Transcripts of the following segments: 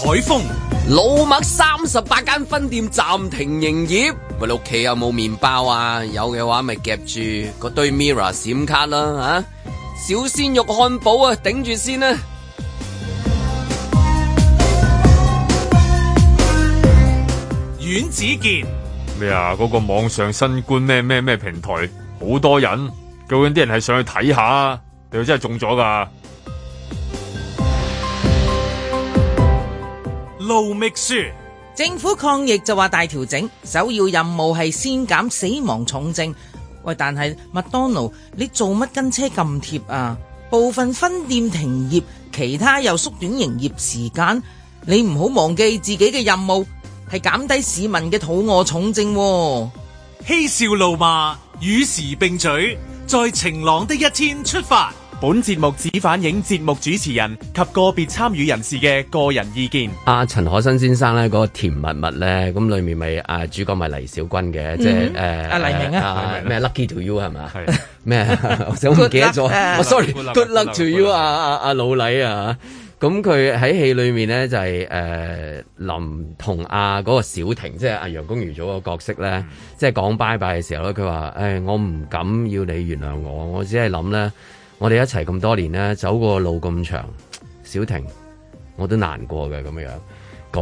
海豐老麥三十八間分店暫停營業。咪屋企有冇麵包啊？有嘅話咪夾住個堆 mirror 閃卡啦吓、啊。小鮮肉漢堡啊，頂住先啦、啊。阮子健咩啊？嗰、那個網上新冠咩咩咩平台，好多人究竟啲人係上去睇下你定係真係中咗噶？路秘書，政府抗疫就話大調整，首要任務係先減死亡重症。喂，但係麥當勞，你做乜跟車咁貼啊？部分分店停業，其他又縮短營業時間。你唔好忘記自己嘅任務係減低市民嘅肚餓重症、啊。嬉笑怒罵與時並舉，在晴朗的一天出發。本節目只反映節目主持人及個別參與人士嘅個人意見。阿陳可辛先生咧，嗰個甜蜜蜜咧，咁裏面咪阿主角咪黎小軍嘅，即係誒，阿黎明啊，咩 lucky to you 係嘛？咩？我想唔記得咗，我 sorry，good luck to you 啊阿啊，老李啊，咁佢喺戲裏面咧就係誒林同阿嗰個小婷，即係阿楊恭如組個角色咧，即係講拜拜嘅時候咧，佢話誒我唔敢要你原諒我，我只係諗咧。我哋一齊咁多年咧，走過的路咁長，小婷，我都難過嘅咁樣。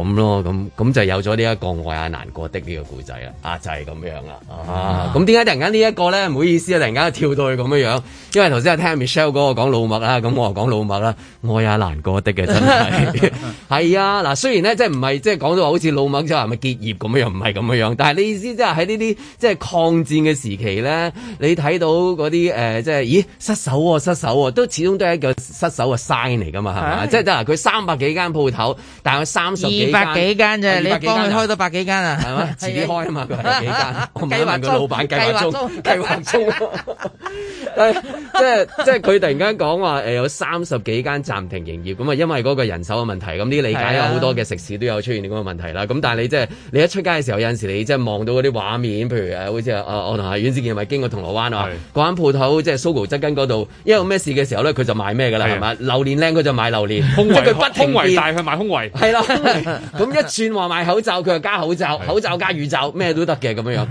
咁咯，咁咁就有咗呢一個我也難過的呢、呢個故仔啦，啊就係咁樣啦。啊，咁點解突然間呢一個咧唔好意思啊，突然間跳到去咁樣？因為頭先聽 Michelle 嗰個講老麥啦，咁 我又講老麥啦，我也難過的嘅真係係 啊。嗱，雖然咧即係唔係即係講到話好似老麥就係、係、咪結業咁樣，唔係咁樣。但係你意思即係喺呢啲即係抗戰嘅時期咧，你睇到嗰啲誒即係咦失手喎、啊、失手喎、啊，都始終都係一個失手嘅 sign 嚟㗎嘛，係咪？即係得啦，佢三百幾間鋪頭，但係三十幾。嗯百幾間啫，你幫佢開到百幾間啊？係嘛、啊？自己開啊嘛，百 幾間。 中我問一問個老闆，計劃中，計劃中。 劃 即係即係佢突然間講話誒，有三十幾間暫停營業，咁啊，因為嗰個人手嘅問題，咁呢理解有好多嘅食肆都有出現咁嘅問題啦。咁是、啊、但係你即係你一出街嘅時候，有陣時你即係望到嗰啲畫面，譬如好似、呃、我同阿阮志健咪經過銅鑼灣啊，嗰間鋪頭即係 Sogo 側邊嗰度，因為咩事嘅時候咧，佢就賣咩噶啦，係嘛是、啊？榴蓮靚，佢就賣榴蓮；，即佢圍不，胸圍大佢賣胸圍，係啦。咁是、啊、 一串話賣口罩，佢又加口罩，是啊、口罩加宇罩，咩都得嘅咁樣樣。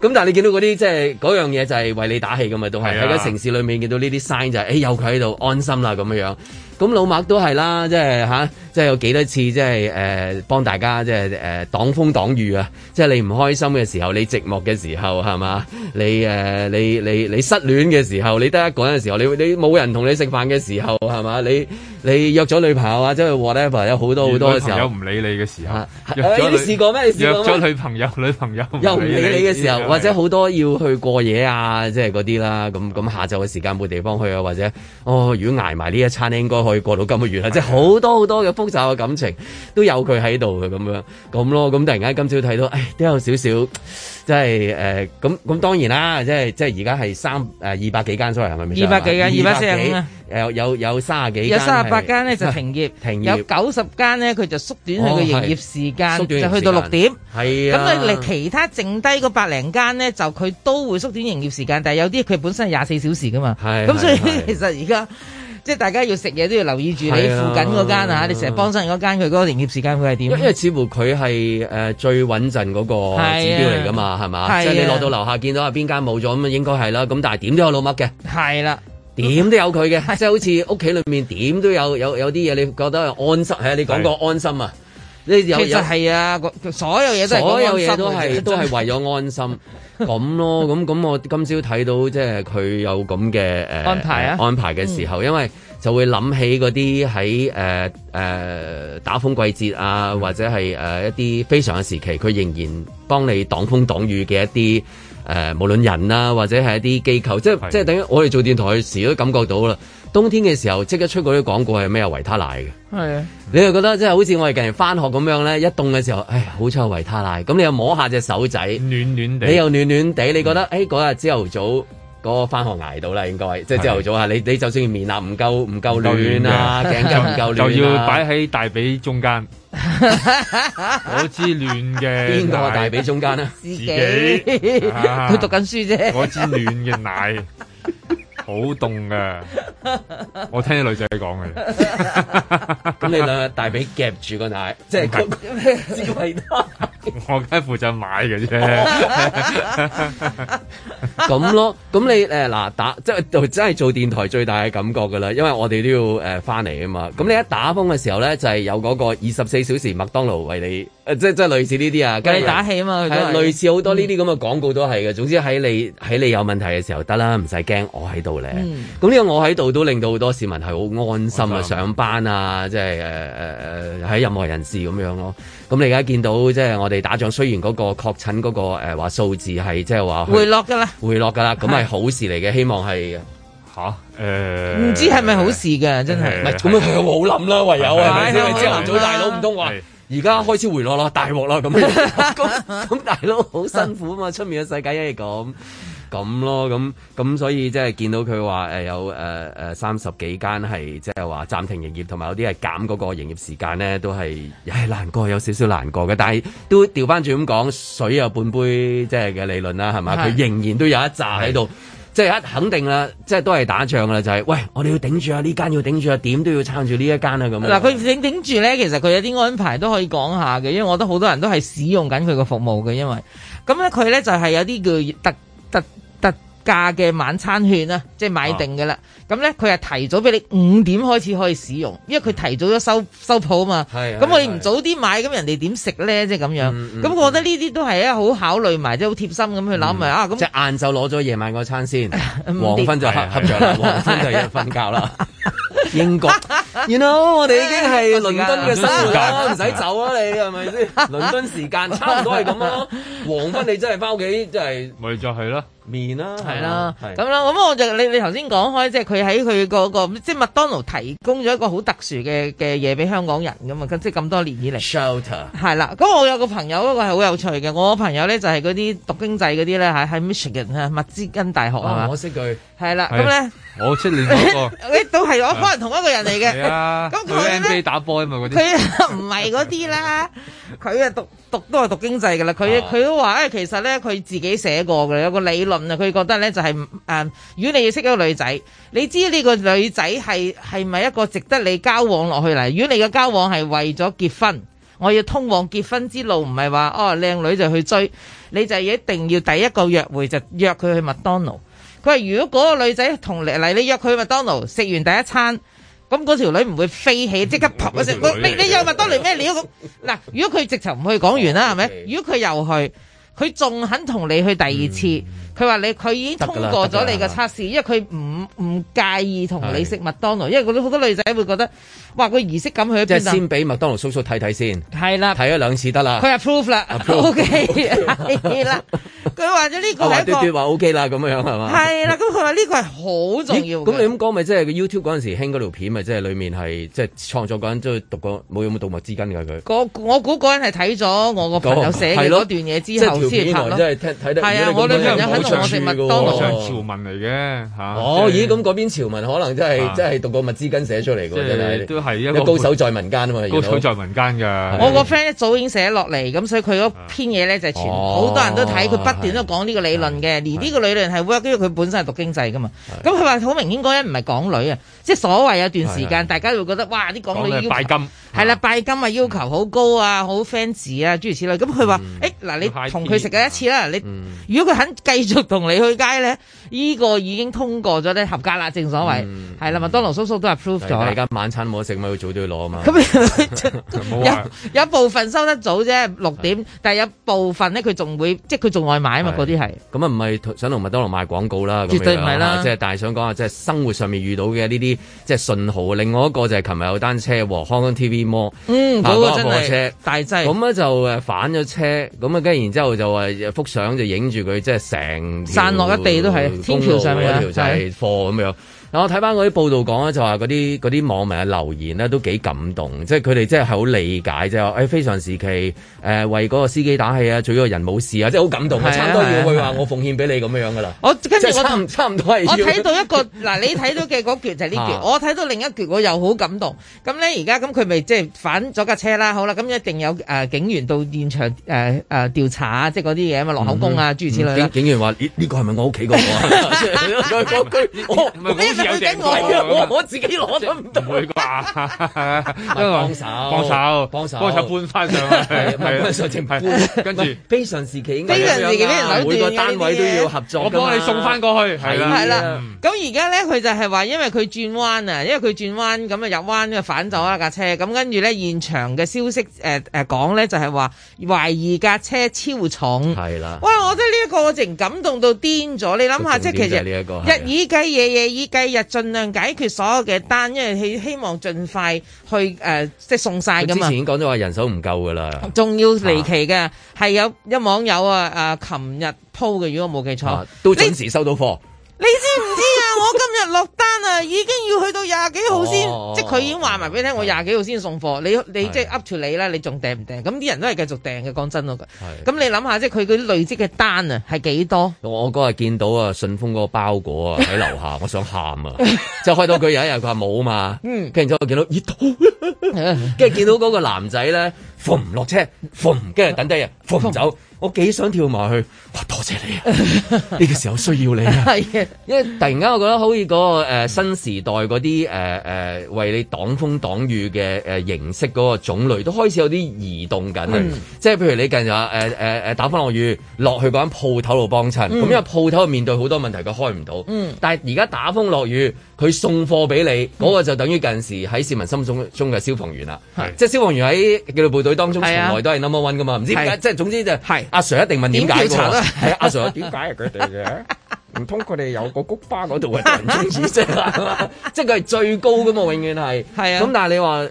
咁 但係你見到嗰啲即係嗰樣嘢就係為你打氣咁啊！係喺、啊、城市裏面見到呢啲 sign 就係、是，誒、哎、有佢喺度安心啦咁樣樣。咁老麥都係啦，即係吓，即、啊、係有幾多次即係誒幫大家即係誒擋風擋雨啊！即係你唔開心嘅時候，你寂寞嘅時候係嘛？你誒、呃、你你你失戀嘅時候，你得一個人嘅時候，你你冇人同你食飯嘅時候係嘛？你。你約咗女朋友啊，即係 whatever 有好多好多嘅時候，有唔理你嘅時候，你試過咩約咗女朋友女朋友又唔理你嘅時候，或者好多要去過夜啊，即係嗰啲啦，咁咁下晝嘅時間冇地方去啊，或者哦，如果挨埋呢一餐應該可以過到今個月啊，的即係好多好多嘅複雜嘅感情都有佢喺度嘅咁樣，咁咯，咁突然間今朝睇到，唉，都有少少。即係誒咁咁當然啦，即係即係而家係三誒二百幾間左右，係、呃、咪？二百幾間，二百四十幾？有有有三啊幾？有三啊八間咧就停業， 停業有。有九十間咧，佢就縮短佢嘅營業時間，哦、縮短時間就去到六點。係啊，咁咧嚟其他剩低個百零間咧，就佢都會縮短營業時間，但係有啲佢本身係廿四小時噶嘛。係是，咁所以 其實而家。即係大家要食嘢都要留意住你、啊、附近嗰間嚇，啊、你成日幫襯嗰間佢嗰個營業時間會係點？因為似乎佢係誒最穩陣嗰個指標嚟㗎嘛，係嘛？即係你落到樓下見到啊邊間冇咗咁啊，應該係啦。咁但係點都有老乜嘅，係啦、啊，點都有佢嘅，即係、啊、好似屋企裏面點都有有有啲嘢，你覺得安心係啊？你講個安心啊？你、啊、其實係啊，所有嘢都係所有嘢都係都係為咗安心。 咁 咯，咁咁我今朝睇到即係佢有咁嘅誒安排啊、呃、安排嘅時候，因為就會諗起嗰啲喺誒誒打風季節啊，嗯、或者係誒、呃、一啲非常嘅時期，佢仍然幫你擋風擋雨嘅一啲。誒、呃，無論人啦、啊，或者係一啲機構，即係是的 即係等於我哋做電台時都感覺到啦。冬天嘅時，是的 時候，即刻出嗰啲廣告係咩？維他奶嘅，你又覺得即係好似我哋近日返學咁樣咧，一凍嘅時候，哎呀，好彩有維他奶，咁你又摸下隻手仔，暖暖地，你又暖暖地，你覺得誒嗰日朝頭早。嗰個返學捱到啦，應該即係朝頭早啊！你你就算面啊，唔夠唔夠暖啊，頸筋唔夠暖啊，就要擺喺大髀中間。我支暖嘅邊個大髀中間啊？自己佢讀緊書啫。我支暖嘅奶好凍噶，我聽啲女仔講嘅。咁你兩大髀夾住個奶，即係智慧度。 我梗係負責買嘅啫，咁咯，咁你誒嗱、呃、打即係就真係做電台最大嘅感覺噶啦，因為我哋都要誒翻嚟啊嘛，咁你一打風嘅時候咧，就係、是、有嗰個二十四小時麥當勞為你。即係即係類似呢啲啊，跟住打氣啊嘛，係類似好多呢啲咁嘅廣告都係嘅。總之喺你喺你有問題嘅時候得啦，唔使驚，我喺度咧。咁呢個我喺度都令到好多市民係好安心啊，上班啊，即係誒誒誒喺任何人士咁樣咯。咁你而家見到即係我哋打仗，雖然嗰個確診嗰個誒話數字係即係話回落㗎啦，回落㗎啦，咁係好事嚟嘅，希望係嚇誒。唔知係咪好事㗎？真係唔係咁啊！好諗啦，唯有係咪先？朝頭早大佬唔通話。而家開始回落啦，大鑊啦咁，咁咁大佬好辛苦啊嘛，出面嘅世界一係咁咁咯，咁咁所以即係見到佢話誒有誒誒、呃、三十幾間係即係話暫停營業，同埋有啲係減嗰個營業時間咧，都係唉難過，有少少難過嘅，但係都調翻轉咁講，水有半杯即係嘅理論啦，係嘛？佢是仍然都有一扎喺度。即係一肯定啦，即係都係打仗啦，就係、是、喂，我哋要頂住啊！呢間要頂住啊，點都要撐住呢一間啊咁樣。嗱，佢頂頂住咧，其實佢有啲安排都可以講下嘅，因為我覺得好多人都係使用緊佢個服務嘅，因為咁咧佢咧就係、是、有啲叫特特特價嘅晚餐券啦，即係買定嘅啦。咁咧，佢係提早俾你五點開始可以使用，因為佢提早咗收收鋪啊嘛。係。咁我哋唔早啲買，咁人哋點食咧？即係咁樣。咁我覺得呢啲都係啊，好考慮埋，即係好貼心咁去諗啊。咁即係晏晝攞咗夜晚嗰餐先，黃昏就合合咗，黃昏就要瞓覺啦。英國，原來我哋已經係倫敦嘅生活唔使走啦，你係咪先？倫敦時間差唔多係咁咯。黃昏你真係翻屋企，真係咪再去啦？面啦，係啦，咁啦，咁我就你你頭先講開，即係佢喺佢個個，即係麥當勞提供咗一個好特殊嘅嘅嘢俾香港人㗎嘛，即係咁多年以嚟。Shelter 係啦、啊，咁我有個朋友嗰個係好有趣嘅，我個朋友咧就係嗰啲讀經濟嗰啲咧喺喺 Michigan 啊，密芝根大學啊，我識佢。係啦，咁咧、嗯，呢 我出年打波，都係我可能同一個人嚟嘅。咁佢咧，打波 啊嘛，嗰啲佢唔係嗰啲啦。佢啊 讀讀都係讀經濟嘅啦。佢佢都話：誒，其實咧，佢自己寫過嘅，有個理論啊。佢覺得咧，就係、是、誒、嗯，如果你要識一個女仔，你知呢個女仔係係咪一個值得你交往落去嚟？如果你嘅交往係為咗結婚，我要通往結婚之路，唔係話哦，靚、哦、女就去追，你就一定要第一個約會就約佢去麥當勞。佢話：如果嗰個女仔同嚟嚟，你約佢去麥當勞食完第一餐，咁嗰條女唔會飛起，即刻撲嗰食。你你約麥當勞咩料咁？嗱， 如果佢直頭唔去講完啦，係咪？ 如果佢又去，佢仲肯同你去第二次，佢話、嗯、你佢已經通過咗你個測試，因為佢唔唔介意同你食麥當勞，的因為好多女仔會覺得。話佢儀式感去邊？即係先俾麥當勞叔叔睇睇先，係啦，睇咗兩次得啦，佢 approve 啦，OK 啦，佢話咗呢個係一個，話 OK 啦咁樣係嘛？係啦，咁佢話呢個係好重要。咁你咁講，咪即係 YouTube 嗰陣時興嗰條片，咪即係裡面係即係創作嗰人都讀過冇用過《動物之根》㗎佢。我估嗰人係睇咗我個朋友寫嘅嗰段嘢之後先嚟即係睇得，係啊！我女朋友肯同我食麥當勞。講上潮文嚟嘅嚇。咦！咁嗰邊潮文可能真係真係讀過《物之根》寫出嚟嘅。係一個高手在民間啊嘛，高手在民間嘅。我個 friend 一早已經寫落嚟，咁所以佢嗰篇嘢咧就係全部好多人都睇，佢不斷都講呢個理論嘅。而呢個理論係 work，因為佢本身係讀經濟㗎嘛。咁佢話好明顯嗰一唔係港女啊，即係所謂有段時間，大家會覺得哇啲港女拜金？係啦拜金啊，要求好高啊，好 fans 啊，諸如此類。咁佢話：，誒嗱，你同佢食過一次啦，你如果佢肯繼續同你去街咧。依個已經通過咗啲合格啦。正所謂係啦，麥當勞叔叔都 approve 咗。而家晚餐冇食，咪要早啲去攞啊嘛。咁有有部分收得早啫，六點，但係有部分咧，佢仲會即係佢仲外賣啊嘛，嗰啲係。咁啊，唔係想同麥當勞賣廣告啦，絕對唔係啦。即係但係想講下，即係生活上面遇到嘅呢啲即係信號。另外一個就係琴日有單車和 HKTVmall 嗯，嗰個真係車，但係真係咁啊就誒反咗車，咁啊跟住然之後就話幅相就影住佢，即係成散落一地都係。天橋上嗰條就係貨咁樣。我睇翻嗰啲報道講咧，就話嗰啲啲網民啊留言咧都幾感動，即係佢哋真係好理解，即就誒、是哎、非常時期誒、呃、為嗰個司機打氣啊，最緊要人冇事啊，即係好感動差唔多要佢話我奉獻俾你咁樣噶啦。我跟住我差唔多係我睇到一個嗱，你睇到嘅嗰橛就係呢橛， 我睇到另一橛我又好感動。咁咧而家咁佢咪即係反咗架車啦？好啦，咁一定有誒、呃、警員到現場誒誒、呃、調查即係嗰啲嘢啊嘛，落口供啊、嗯、諸如此類警。警警員話：呢呢個係咪我屋企、嗰個？唔係 佢頂我，我我自己攞都唔得。唔會啩？幫手，幫手，幫手搬翻上去。唔係上正牌，跟住非常時期，非常時期，每個單位都要合作。我幫你送翻過去，係啦，係啦。咁而家咧，佢就係話，因為佢轉彎啊，因為佢轉彎咁啊，入彎就反走一架車。咁跟住咧，現場嘅消息誒誒講咧，就係話懷疑架車超重。係啦。哇！我覺得呢一個我直情感動到癲咗。你諗下，即係其實日以繼夜，夜以繼。就盡量解決所有嘅單，因為佢希望盡快去誒、呃，即係送晒噶嘛。之前已經講咗話人手唔夠噶啦，仲要離奇嘅係、啊、有一網友啊啊，琴日鋪嘅，如果我冇記錯、啊，都準時收到貨。你知唔知啊？我今日落單啊，已經要去到廿幾號先，即係佢已經話埋俾你聽，我廿幾號先送貨。你你即係 update 你啦，你仲訂唔訂？咁啲人都係繼續訂嘅。講真咯，咁你諗下，即係佢嗰啲累積嘅單啊，係幾多我？我嗰日見到啊，順豐嗰個包裹啊喺樓下， 我想喊啊！即係開到佢有一日佢話冇嘛，嗯，跟住之後我見到熱到，跟住見到嗰個男仔咧放唔落車，放唔跟住等低人，放唔走。我幾想跳埋去，哇！多謝你啊，呢 個時候需要你啊。係， 因為突然間我覺得好似、嗰個誒、呃、新時代嗰啲誒誒為你擋風擋雨嘅誒、呃、形式嗰個種類都開始有啲移動緊、嗯、即係譬如你近日話誒誒誒打風落雨落去嗰間鋪頭度幫襯，咁、嗯、因為鋪頭面對好多問題，佢開唔到。嗯，但係而家打風落雨。佢送貨俾你，嗰、嗯、個就等於嗰陣時喺市民心中中嘅消防員啦。係的，即係消防員喺紀律部隊當中從來都係 number one 噶嘛。唔的知點解？的即係總之就係的阿 Sir 一定問點解㗎？係 阿 Sir 點解佢哋嘅？ 唔通佢哋有個菊花嗰度係銀裝紫塞， 即係佢係最高噶嘛，永遠係。係啊，咁、嗯、但係你話誒誒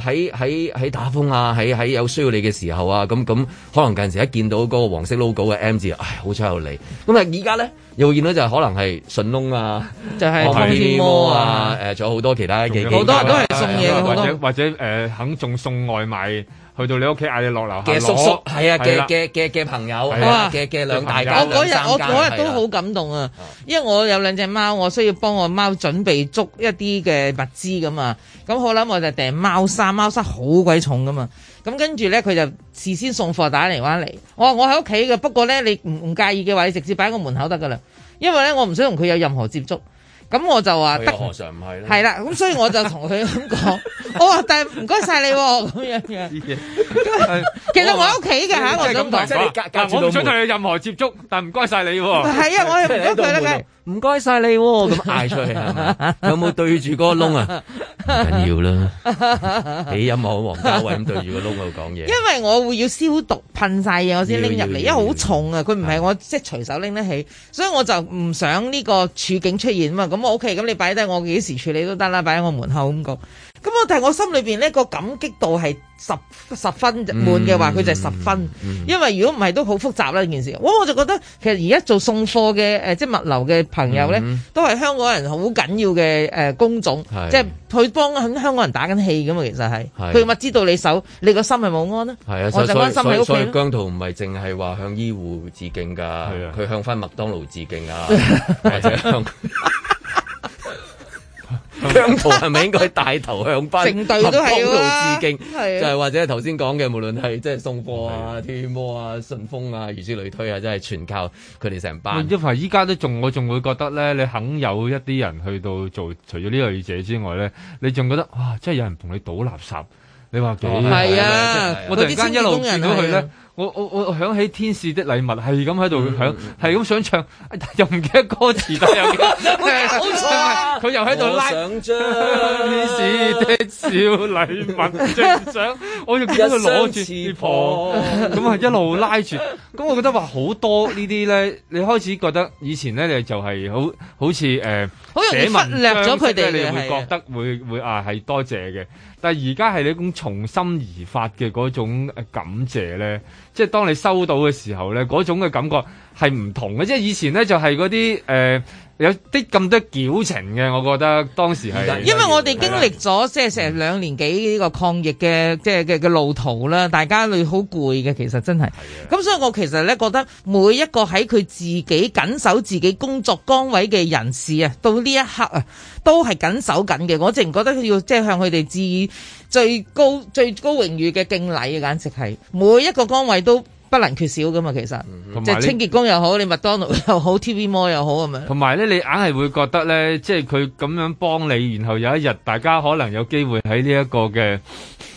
喺喺喺打風啊，喺喺有需要你嘅時候啊，咁、嗯、咁、嗯、可能近時一見到嗰個黃色 logo 嘅 M 字，唉，好彩有你。咁啊，而家咧又見到就係可能係順隆啊，或者天貓啊，誒，仲有好多其他嘅，好多都係送嘢，或者或者誒肯仲送，送外賣。去到你屋企嗌你落樓，嘅叔叔係啊，嘅嘅嘅嘅朋友，嘅嘅兩大家，我嗰日我嗰日都好感動啊，因為我有兩隻貓，我需要幫我貓準備足一啲嘅物資咁嘛。咁好啦，我就訂貓砂，貓砂好鬼重噶啊嘛。咁跟住咧，佢就事先送貨打嚟返嚟。我話我喺屋企嘅，不過咧你唔唔介意嘅話，你直接擺喺個門口得噶啦，因為咧我唔想同佢有任何接觸。咁我就話得和尚，唔係啦，係啦，咁所以我就同佢咁講， 我話但係唔該晒你喎、喔、咁樣嘅，耶 其實我喺屋企嘅嚇， 我想 我唔想同你任何接觸，但係唔該晒你喎，係啊，我又唔想佢咧嘅。唔該晒你喎、哦，咁嗌出去。係有冇對住嗰個窿啊？唔 緊要啦，起音好王家衛咁對住個窿度講嘢。因為我會要消毒噴晒嘢，我先拎入嚟，要要要要要因為好重啊，佢唔係我即係隨手拎得起，所以我就唔想呢個處境出現啊嘛。咁我 OK，咁你擺低我幾時處理都得啦，擺喺我門口咁講。咁我但係我心裏邊呢個感激度係十十分滿嘅話，佢、嗯、就十分。嗯、因為如果唔係都好複雜啦呢件事。我我就覺得其實而家做送貨嘅誒即係物流嘅朋友咧，嗯、都係香港人好緊要嘅誒工種，是即係佢幫香港人打緊氣咁嘛，其實係佢咪知道你手，你個心係冇安咯。係啊，我就安心喺屋企。姜濤唔係淨係話向醫護致敬噶，佢、啊啊、向翻麥當勞致敬啊。 疆土係咪應該帶頭向班，向幫到致敬，啊啊、就係或者頭先講嘅，無論係即係送貨啊、天貓啊、順豐啊，啊，如此類推啊，真係全靠佢哋成班。一排依家，都仲，我仲會覺得咧，你肯有一啲人去到做，除咗呢類者之外咧，你仲覺得哇，真係有人同你倒垃，垃圾，你話幾係啊？啊我突然間一路見到佢咧。我我我響起天使的禮物，係咁喺度響，係咁、嗯嗯、想唱，又唔記得歌詞啦 扭、啊嗯、又。佢又喺度拉兩張天使的小禮物，正想我要喺度攞住，咁啊一路拉住。咁 我覺得話好多呢啲咧，你開始覺得以前咧，你就係好好似誒，好忽略咗佢哋嘅，你會覺得會的的會，會，會啊係多謝嘅。但而家係你一種從心而發嘅嗰種誒感謝咧，即係當你收到嘅時候咧，嗰種嘅感覺係唔同嘅，即係以前咧就係嗰啲誒。呃有啲咁多矯情嘅，我覺得當時係，因為我哋經歷咗的即係成兩年幾呢個抗疫嘅即係嘅嘅路途啦，大家累好攰嘅，其實真係，咁的所以我其實咧覺得每一個喺佢自己緊守自己工作崗位嘅人士啊，到呢一刻啊，都係緊守緊嘅。我淨係覺得佢要即係向佢哋致以最高最高榮譽嘅敬禮啊！簡直係每一個崗位都。不能缺少㗎嘛，其實，即係清潔工又好，你麥當勞又好 TV More 又好咁樣。同埋咧，你硬係會覺得咧，即係佢咁樣幫你，然後有一日大家可能有機會喺呢一個嘅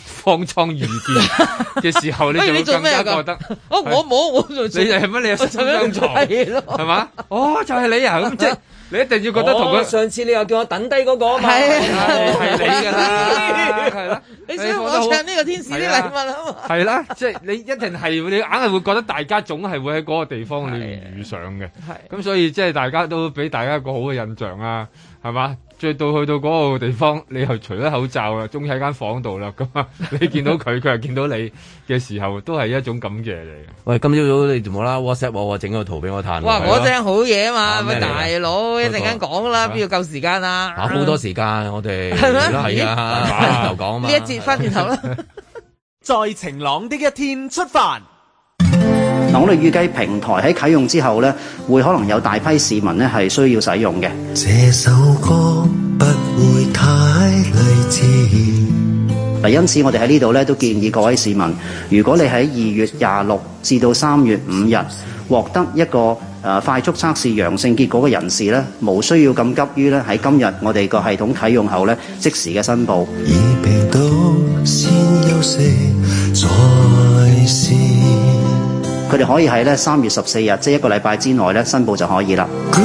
方艙遇見嘅時候，你你做咩？更加覺得，哦，我冇，我做你係乜？你又上張牀，係嘛？哦，就係你啊！咁即。你一定要覺得同佢上次你又叫我等低嗰個啊，係，係你㗎啦，係啦，你想我唱呢個天使啲禮物啊嘛，係啦，即係你一定係你硬係會覺得大家總係會喺嗰個地方你遇上嘅，係，咁所以即係大家都俾大家一個好嘅印象啊，係嘛？最到去到嗰個地方，你又除咗口罩啊，終於喺間房度啦。咁啊，你見到佢，佢又見到你嘅時候，都係一種感謝嚟嘅。喂，今朝早你做乜啦？WhatsApp 我，整個圖俾我睇。哇，嗰聲好嘢啊嘛，大佬一陣間講啦，邊要夠時間啊？好多時間我哋，係咪？係啊，反頭講啊嘛。呢一節翻轉頭啦，在晴朗的一天出發。我哋預計平台喺啟用之後咧，會可能有大批市民咧係需要使用嘅。嗱，因此我哋喺呢度咧都建議各位市民，如果你喺二月廿六至到三月五日獲得一個誒快速測試陽性結果嘅人士咧，無需要咁急於咧喺今日我哋個系統啟用後咧即時嘅申報。佢哋可以喺呢三月十四日，即一個禮拜之內呢，申報就可以啦。Good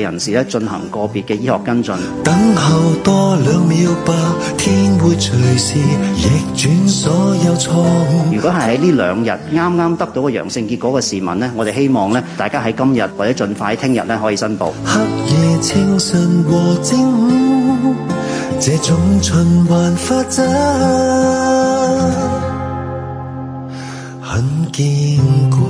人士咧進行個別嘅醫學跟進。等候多兩秒吧，天會隨時逆轉所有錯誤。如果係喺呢兩日啱啱得到個陽性結果嘅市民咧，我哋希望咧大家喺今日或者盡快喺聽日咧可以申報。黑夜、清晨和正午，呢種循環法則好堅固。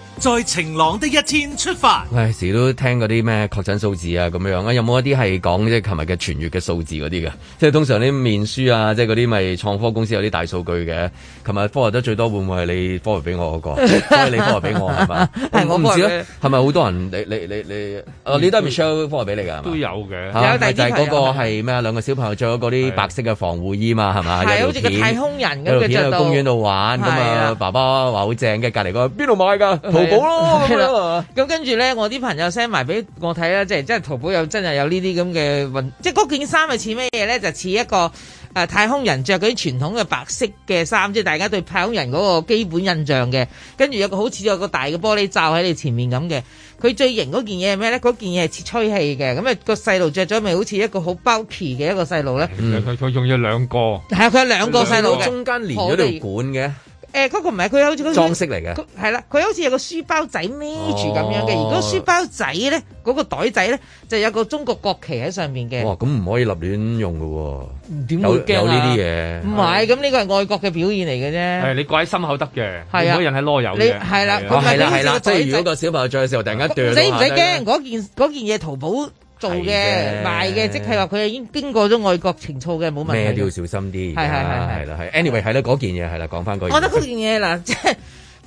在晴朗的一天出發。唉，時都聽嗰啲咩確診數字啊，咁樣啊，有冇一啲係講即係琴日嘅痊癒嘅數字嗰啲嘅？即係通常啲面書啊，即係嗰啲咪創科公司有啲大數據嘅。琴日科學得最多會唔會係你科學俾我嗰個？即係你科學俾我係嘛？我唔知係咪好多人你你你你？誒，你都係唔 share 科學俾你噶？都有嘅。吓，就係嗰個係咩啊？兩個小朋友着咗嗰啲白色嘅防護衣嘛，係嘛？係，好似個太空人咁嘅着到。喺公園度玩，咁啊爸爸話好正嘅，隔籬個邊度買噶？淘寶咯，咁，跟住咧，我啲朋友 send 埋俾我睇啦，即係即係淘寶有真係有呢啲咁嘅運，即係嗰件衫係似咩嘢咧？就似一個誒、呃、太空人着嗰啲傳統嘅白色嘅衫，即係大家對太空人嗰個基本印象嘅。跟住有個好似有個大嘅玻璃罩喺你前面咁嘅，佢最型嗰件嘢係咩咧？嗰件嘢係似吹氣嘅，咁、嗯、啊、嗰個細路着咗咪好似一個好 bulky 嘅一個細路咧。佢佢用咗兩個，係啊、嗯，佢、嗯、有兩個細路嘅，中間連嗰條管嘅。誒，欸那個唔係，佢好似個裝飾嚟嘅，係啦，佢好似有個書包仔孭住咁樣嘅。如果、哦、書包仔咧，嗰、那個袋仔咧，就有個中國國旗喺上面嘅。哇，咁唔可以立亂用噶，點會驚啊？有呢啲嘢，唔係，咁呢是是個係愛國嘅表現嚟嘅啫。誒、哎，你掛喺心口得嘅，係啊，嗰人係囉柚嘅，係啦，係啦、啊，係啦、啊。再、啊啊、如果個小朋友再嘅時候突然間斷唔使唔使驚，嗰件件嘢淘寶。做嘅賣嘅，即係話佢已經經過咗外國情操嘅，冇問題。一定要小心啲，係係係係啦係。anyway 係啦，嗰件嘢係啦，講翻件。我覺得嗰件嘢嗱，即係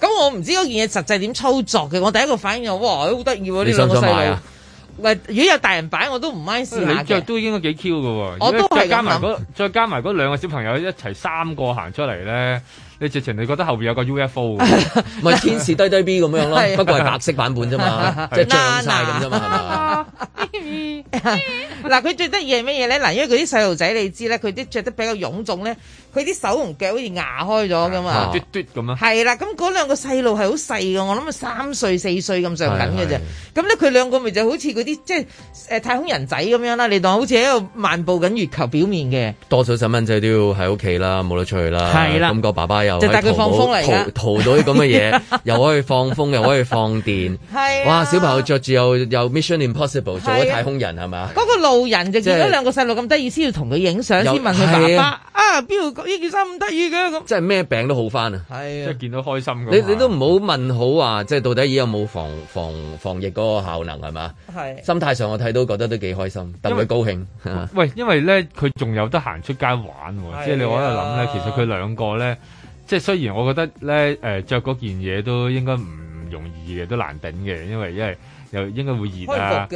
咁，我唔知嗰件嘢實際點操作嘅。我第一個反應我哇，好得意喎！呢兩個細路，你想唔想買？如果有大人擺我都唔 mind。你着都應該幾 Q 嘅喎，再加埋再加埋嗰兩個小朋友一齊三個行出嚟咧，你直情你覺得後邊有個 UFO，唔係天使堆堆 B 咁樣咯， 不過係白色版本啫嘛， 即係脹晒咁啫嘛，係咪？嗱，佢最得意係乜嘢咧？嗱，因為嗰啲細路仔你知咧，佢啲着得比較臃腫咧。佢啲手同腳好似牙開咗咁啊！嘟嘟咁啊！係啦，咁嗰兩個細路係好細㗎，我諗係三歲四歲咁上緊嘅啫。咁咧佢兩個咪就好似嗰啲即係誒太空人仔咁樣啦，你當好似喺度漫步緊月球表面嘅。多數細蚊仔都要喺屋企啦，冇得出去啦。係啦，咁個爸爸又就帶佢放風嚟逃到啲咁嘅嘢，又可以放風，又可以放電。係哇！小朋友着住有 Mission Impossible，做咗太空人係咪？嗰個路人就見到兩個細路咁得意，先要同佢影相先問佢爸爸啊！邊個？呢件衫唔得意嘅，咁即係咩病都好返啊！的即係見到開心嘅，你你都唔好問好話，即係到底而有冇防防防疫嗰個效能係嘛？係的心態上我睇都覺得都幾開心，戥佢高興。為 喂，因為咧佢仲有得行出街玩，的即係你我喺度諗咧，其實佢兩個咧，即係雖然我覺得咧，誒着嗰件嘢都應該唔容易嘅，都難頂嘅，因為因為。又應該會熱啊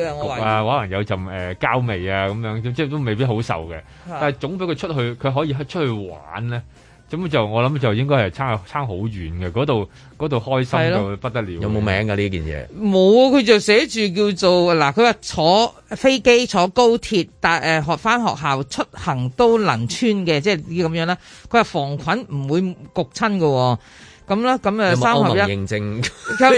啊，可能有陣誒、呃、膠味啊咁樣，即係都未必好受嘅。的但係總比佢出去，佢可以出去玩咧。咁就我諗就應該係差差好遠嘅。嗰度嗰度開心到不得了。的有冇名㗎呢、嗯、件嘢？冇，佢就寫住叫做嗱，佢話坐飛機、坐高鐵、但誒學翻學校、出行都能穿嘅，即係啲咁樣啦。佢話防菌唔會焗親嘅、哦。咁啦，咁啊，有冇三合一認證，三合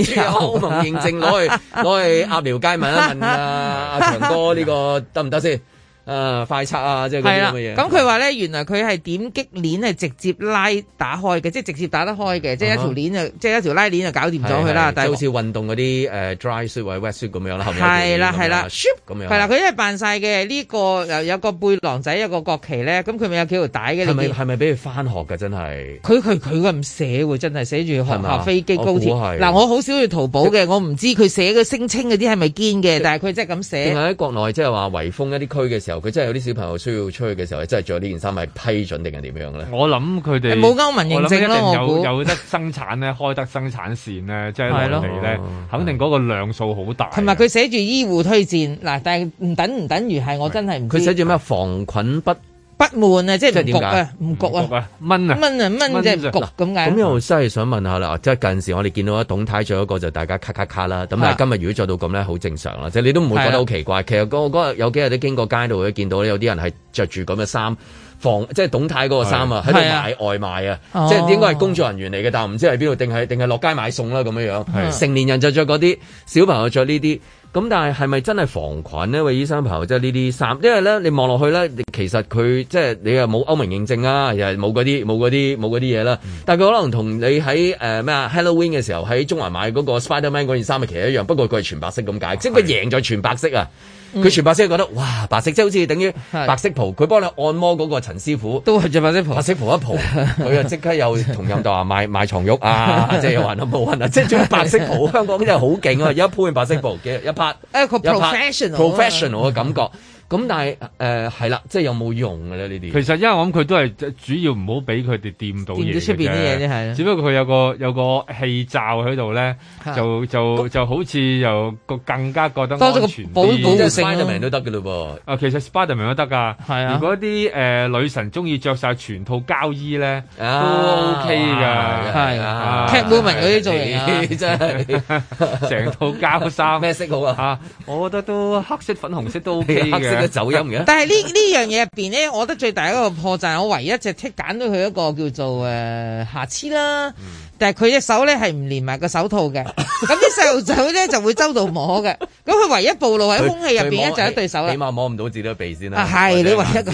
一歐盟認證， 認證攞去攞 去鴨寮街問一問啊，阿、 啊、長哥呢個得唔得先？誒，快測啊，即係啲咁嘅嘢。咁佢話咧，原來佢係點擊鏈係直接拉打開嘅，即係直接打得開嘅，即係一條鏈就即係一條拉鏈就搞掂咗佢啦。但係好似運動嗰啲誒 dry suit 或者 wet suit 咁樣啦，係咪？係啦係啦，咁樣。係啦，佢因為扮晒嘅呢個有個背囊仔，有個國旗咧，咁佢咪有幾條帶嘅？係咪係咪俾佢翻學嘅？真係。佢佢佢咁寫喎，真係寫住學飛機高鐵。嗱，我好少去淘寶嘅，我唔知佢寫嘅聲稱嗰啲係咪堅嘅，但係佢真係咁寫。定係喺國內即係話圍封一啲區嘅時候。佢真係有啲小朋友需要出去嘅時候，真係着呢件衫係批准定係點樣咧？我諗佢哋冇歐盟認證，我諗一定有我猜 有得生產咧， 開得生產線咧，即係落嚟咧， 肯定嗰個量數好大。同埋佢寫住醫護推薦嗱，但係唔等唔等於係我真係唔。佢寫住咩防菌不？不悶啊，即係唔焗啊，唔焗啊，悶啊，悶啊，悶即係焗咁解。咁又真係想問下啦，即係近時我哋見到董太着一個就大家卡卡卡啦。咁但係今日如果着到咁咧，好正常啦，即係你都唔會覺得好奇怪。其實嗰日有幾日都經過街度都見到有啲人係着住咁嘅衫，防即係董太嗰個衫啊，喺度買外賣啊，即係應該係工作人員嚟嘅，但係唔知喺邊度定係定係落街買餸啦咁樣樣。成年人就着嗰啲，小朋友着呢啲。咁但係係咪真係防菌呢？位醫生朋友，即係呢啲衫，因為咧你望落去咧，其實佢即係你又冇歐盟認證啦，又係冇嗰啲冇嗰啲冇嗰啲嘢啦。嗯、但係佢可能同你喺誒咩啊 Halloween 嘅時候喺中環買嗰個 Spider-Man 嗰件衫，其實一樣，不過佢係全白色咁解，的即係佢贏咗全白色啊！佢、嗯、全白色覺得，哇！白色即係好似等於白色袍。佢幫你按摩嗰個陳師傅，都係着白色袍。白色袍一袍，佢又即刻又同人哋話買買牀褥啊，即係有雲都冇雲啊， 即係著白色袍。 香港真係好勁啊，一鋪白色袍，嘅一拍，一個 professional professional 嘅感覺。 咁但係誒係啦，即係有冇用嘅咧？呢啲其實因為我諗佢都係主要唔好俾佢哋掂到嘢嘅。只不過佢有個有個氣罩喺度咧，就就就好似又個更加覺得多咗個保護性。都得嘅嘞噃。啊，其實 Spiderman 都得㗎。係啊。如果啲誒女神中意着晒全套膠衣咧，都 OK 㗎。係啊。特務員嗰啲做嘢真係成套膠衫。咩色好啊？嚇，我覺得都黑色、粉紅色都 OK 嘅。走音嘅，但係呢呢樣嘢，入邊咧，我覺得最大一個破綻，我唯一就剔揀到佢一個叫做誒瑕疵啦。但係佢隻手咧係唔連埋個手套嘅，咁啲細路仔咧就會周度摸嘅。咁佢唯一暴露喺空氣入邊咧就一對手啦。起碼摸唔到自己個鼻先啦。係你唯一一個，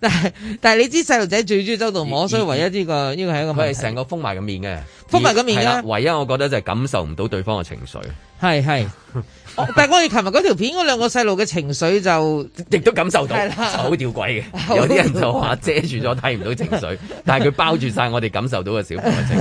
但係但係你知細路仔最中意周度摸，所以唯一呢個呢個係一個。佢係成個封埋個面嘅，封埋個面啦。唯一我覺得就係感受唔到對方嘅情緒。係係。 哦、但係我哋琴日嗰條片嗰 兩個細路嘅情緒就亦都感受到，好吊詭嘅。有啲人就話遮住咗睇唔到情緒， 但係佢包住晒我哋感受到嘅小朋友嘅情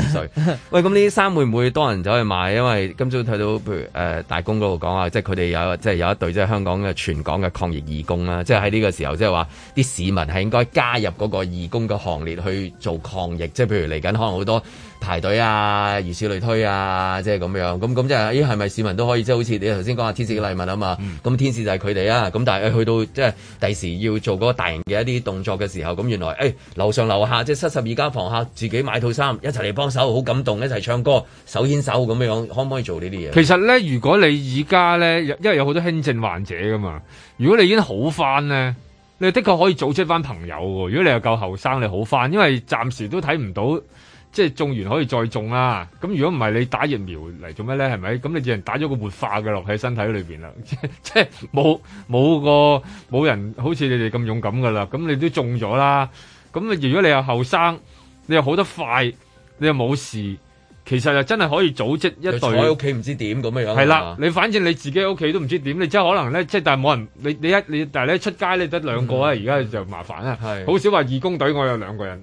緒。 喂，咁呢啲衫會唔會多人走去買？因為今早睇到譬如誒、呃、大公嗰度講啊，即係佢哋有即係有一隊即係香港嘅全港嘅抗疫義工啦。即係喺呢個時候，即係話啲市民係應該加入嗰個義工嘅行列去做抗疫。即係譬如嚟緊可能好多。排隊啊，如此類推啊，即係咁樣，咁咁即係，咦係咪市民都可以即係好似你頭先講下天使嘅禮物啊嘛？咁、嗯、天使就係佢哋啊。咁但係、欸、去到即係第時要做嗰個大型嘅一啲動作嘅時候，咁原來誒、欸、樓上樓下即係七十二家房客自己買套衫一齊嚟幫手，好感動，一齊唱歌手牽手咁樣樣，可唔可以做呢啲嘢？其實咧，如果你而家咧，因為有好多輕症患者噶嘛，如果你已經好翻咧，你的確可以組織翻朋友喎。如果你又夠後生，你好翻，因為暫時都睇唔到。即係種完可以再種啦。咁如果唔係你打疫苗嚟做咩咧？係咪？咁你只能打咗個活化嘅落喺身體裏邊啦。即即冇冇個冇人好似你哋咁勇敢㗎啦。咁你都種咗啦。咁如果你又後生，你又好得快，你又冇事，其實就真係可以組織一隊。坐喺屋企唔知點咁嘅樣，樣。係啦的，吧你反正你自己喺屋企都唔知點，你即係可能咧，即係但係冇人。你你一你但係咧出街你得兩個啊。而家、嗯、就麻煩啦。好的少話義工隊，我有兩個人，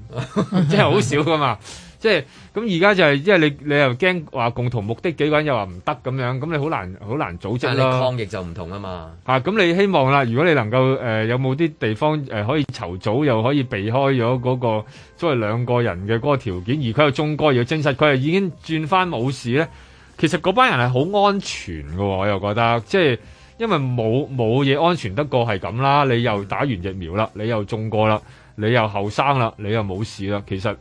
即係好少㗎嘛。即係咁而家就係、是，因為你你又驚話共同目的幾個人又話唔得咁樣，咁你好難好難組織咯。但係抗疫就唔同啊嘛。嚇咁、啊、你希望啦，如果你能夠誒、呃、有冇啲地方誒、呃、可以籌組，又可以避開咗嗰、那個所謂兩個人嘅嗰個條件，而佢又中過，又證實，佢又已經轉翻冇事咧。其實嗰班人係好安全嘅，我又覺得，即係因為冇冇嘢安全得過係咁啦。你又打完疫苗啦，你又中過啦，你又後生啦，你又冇事啦。其實。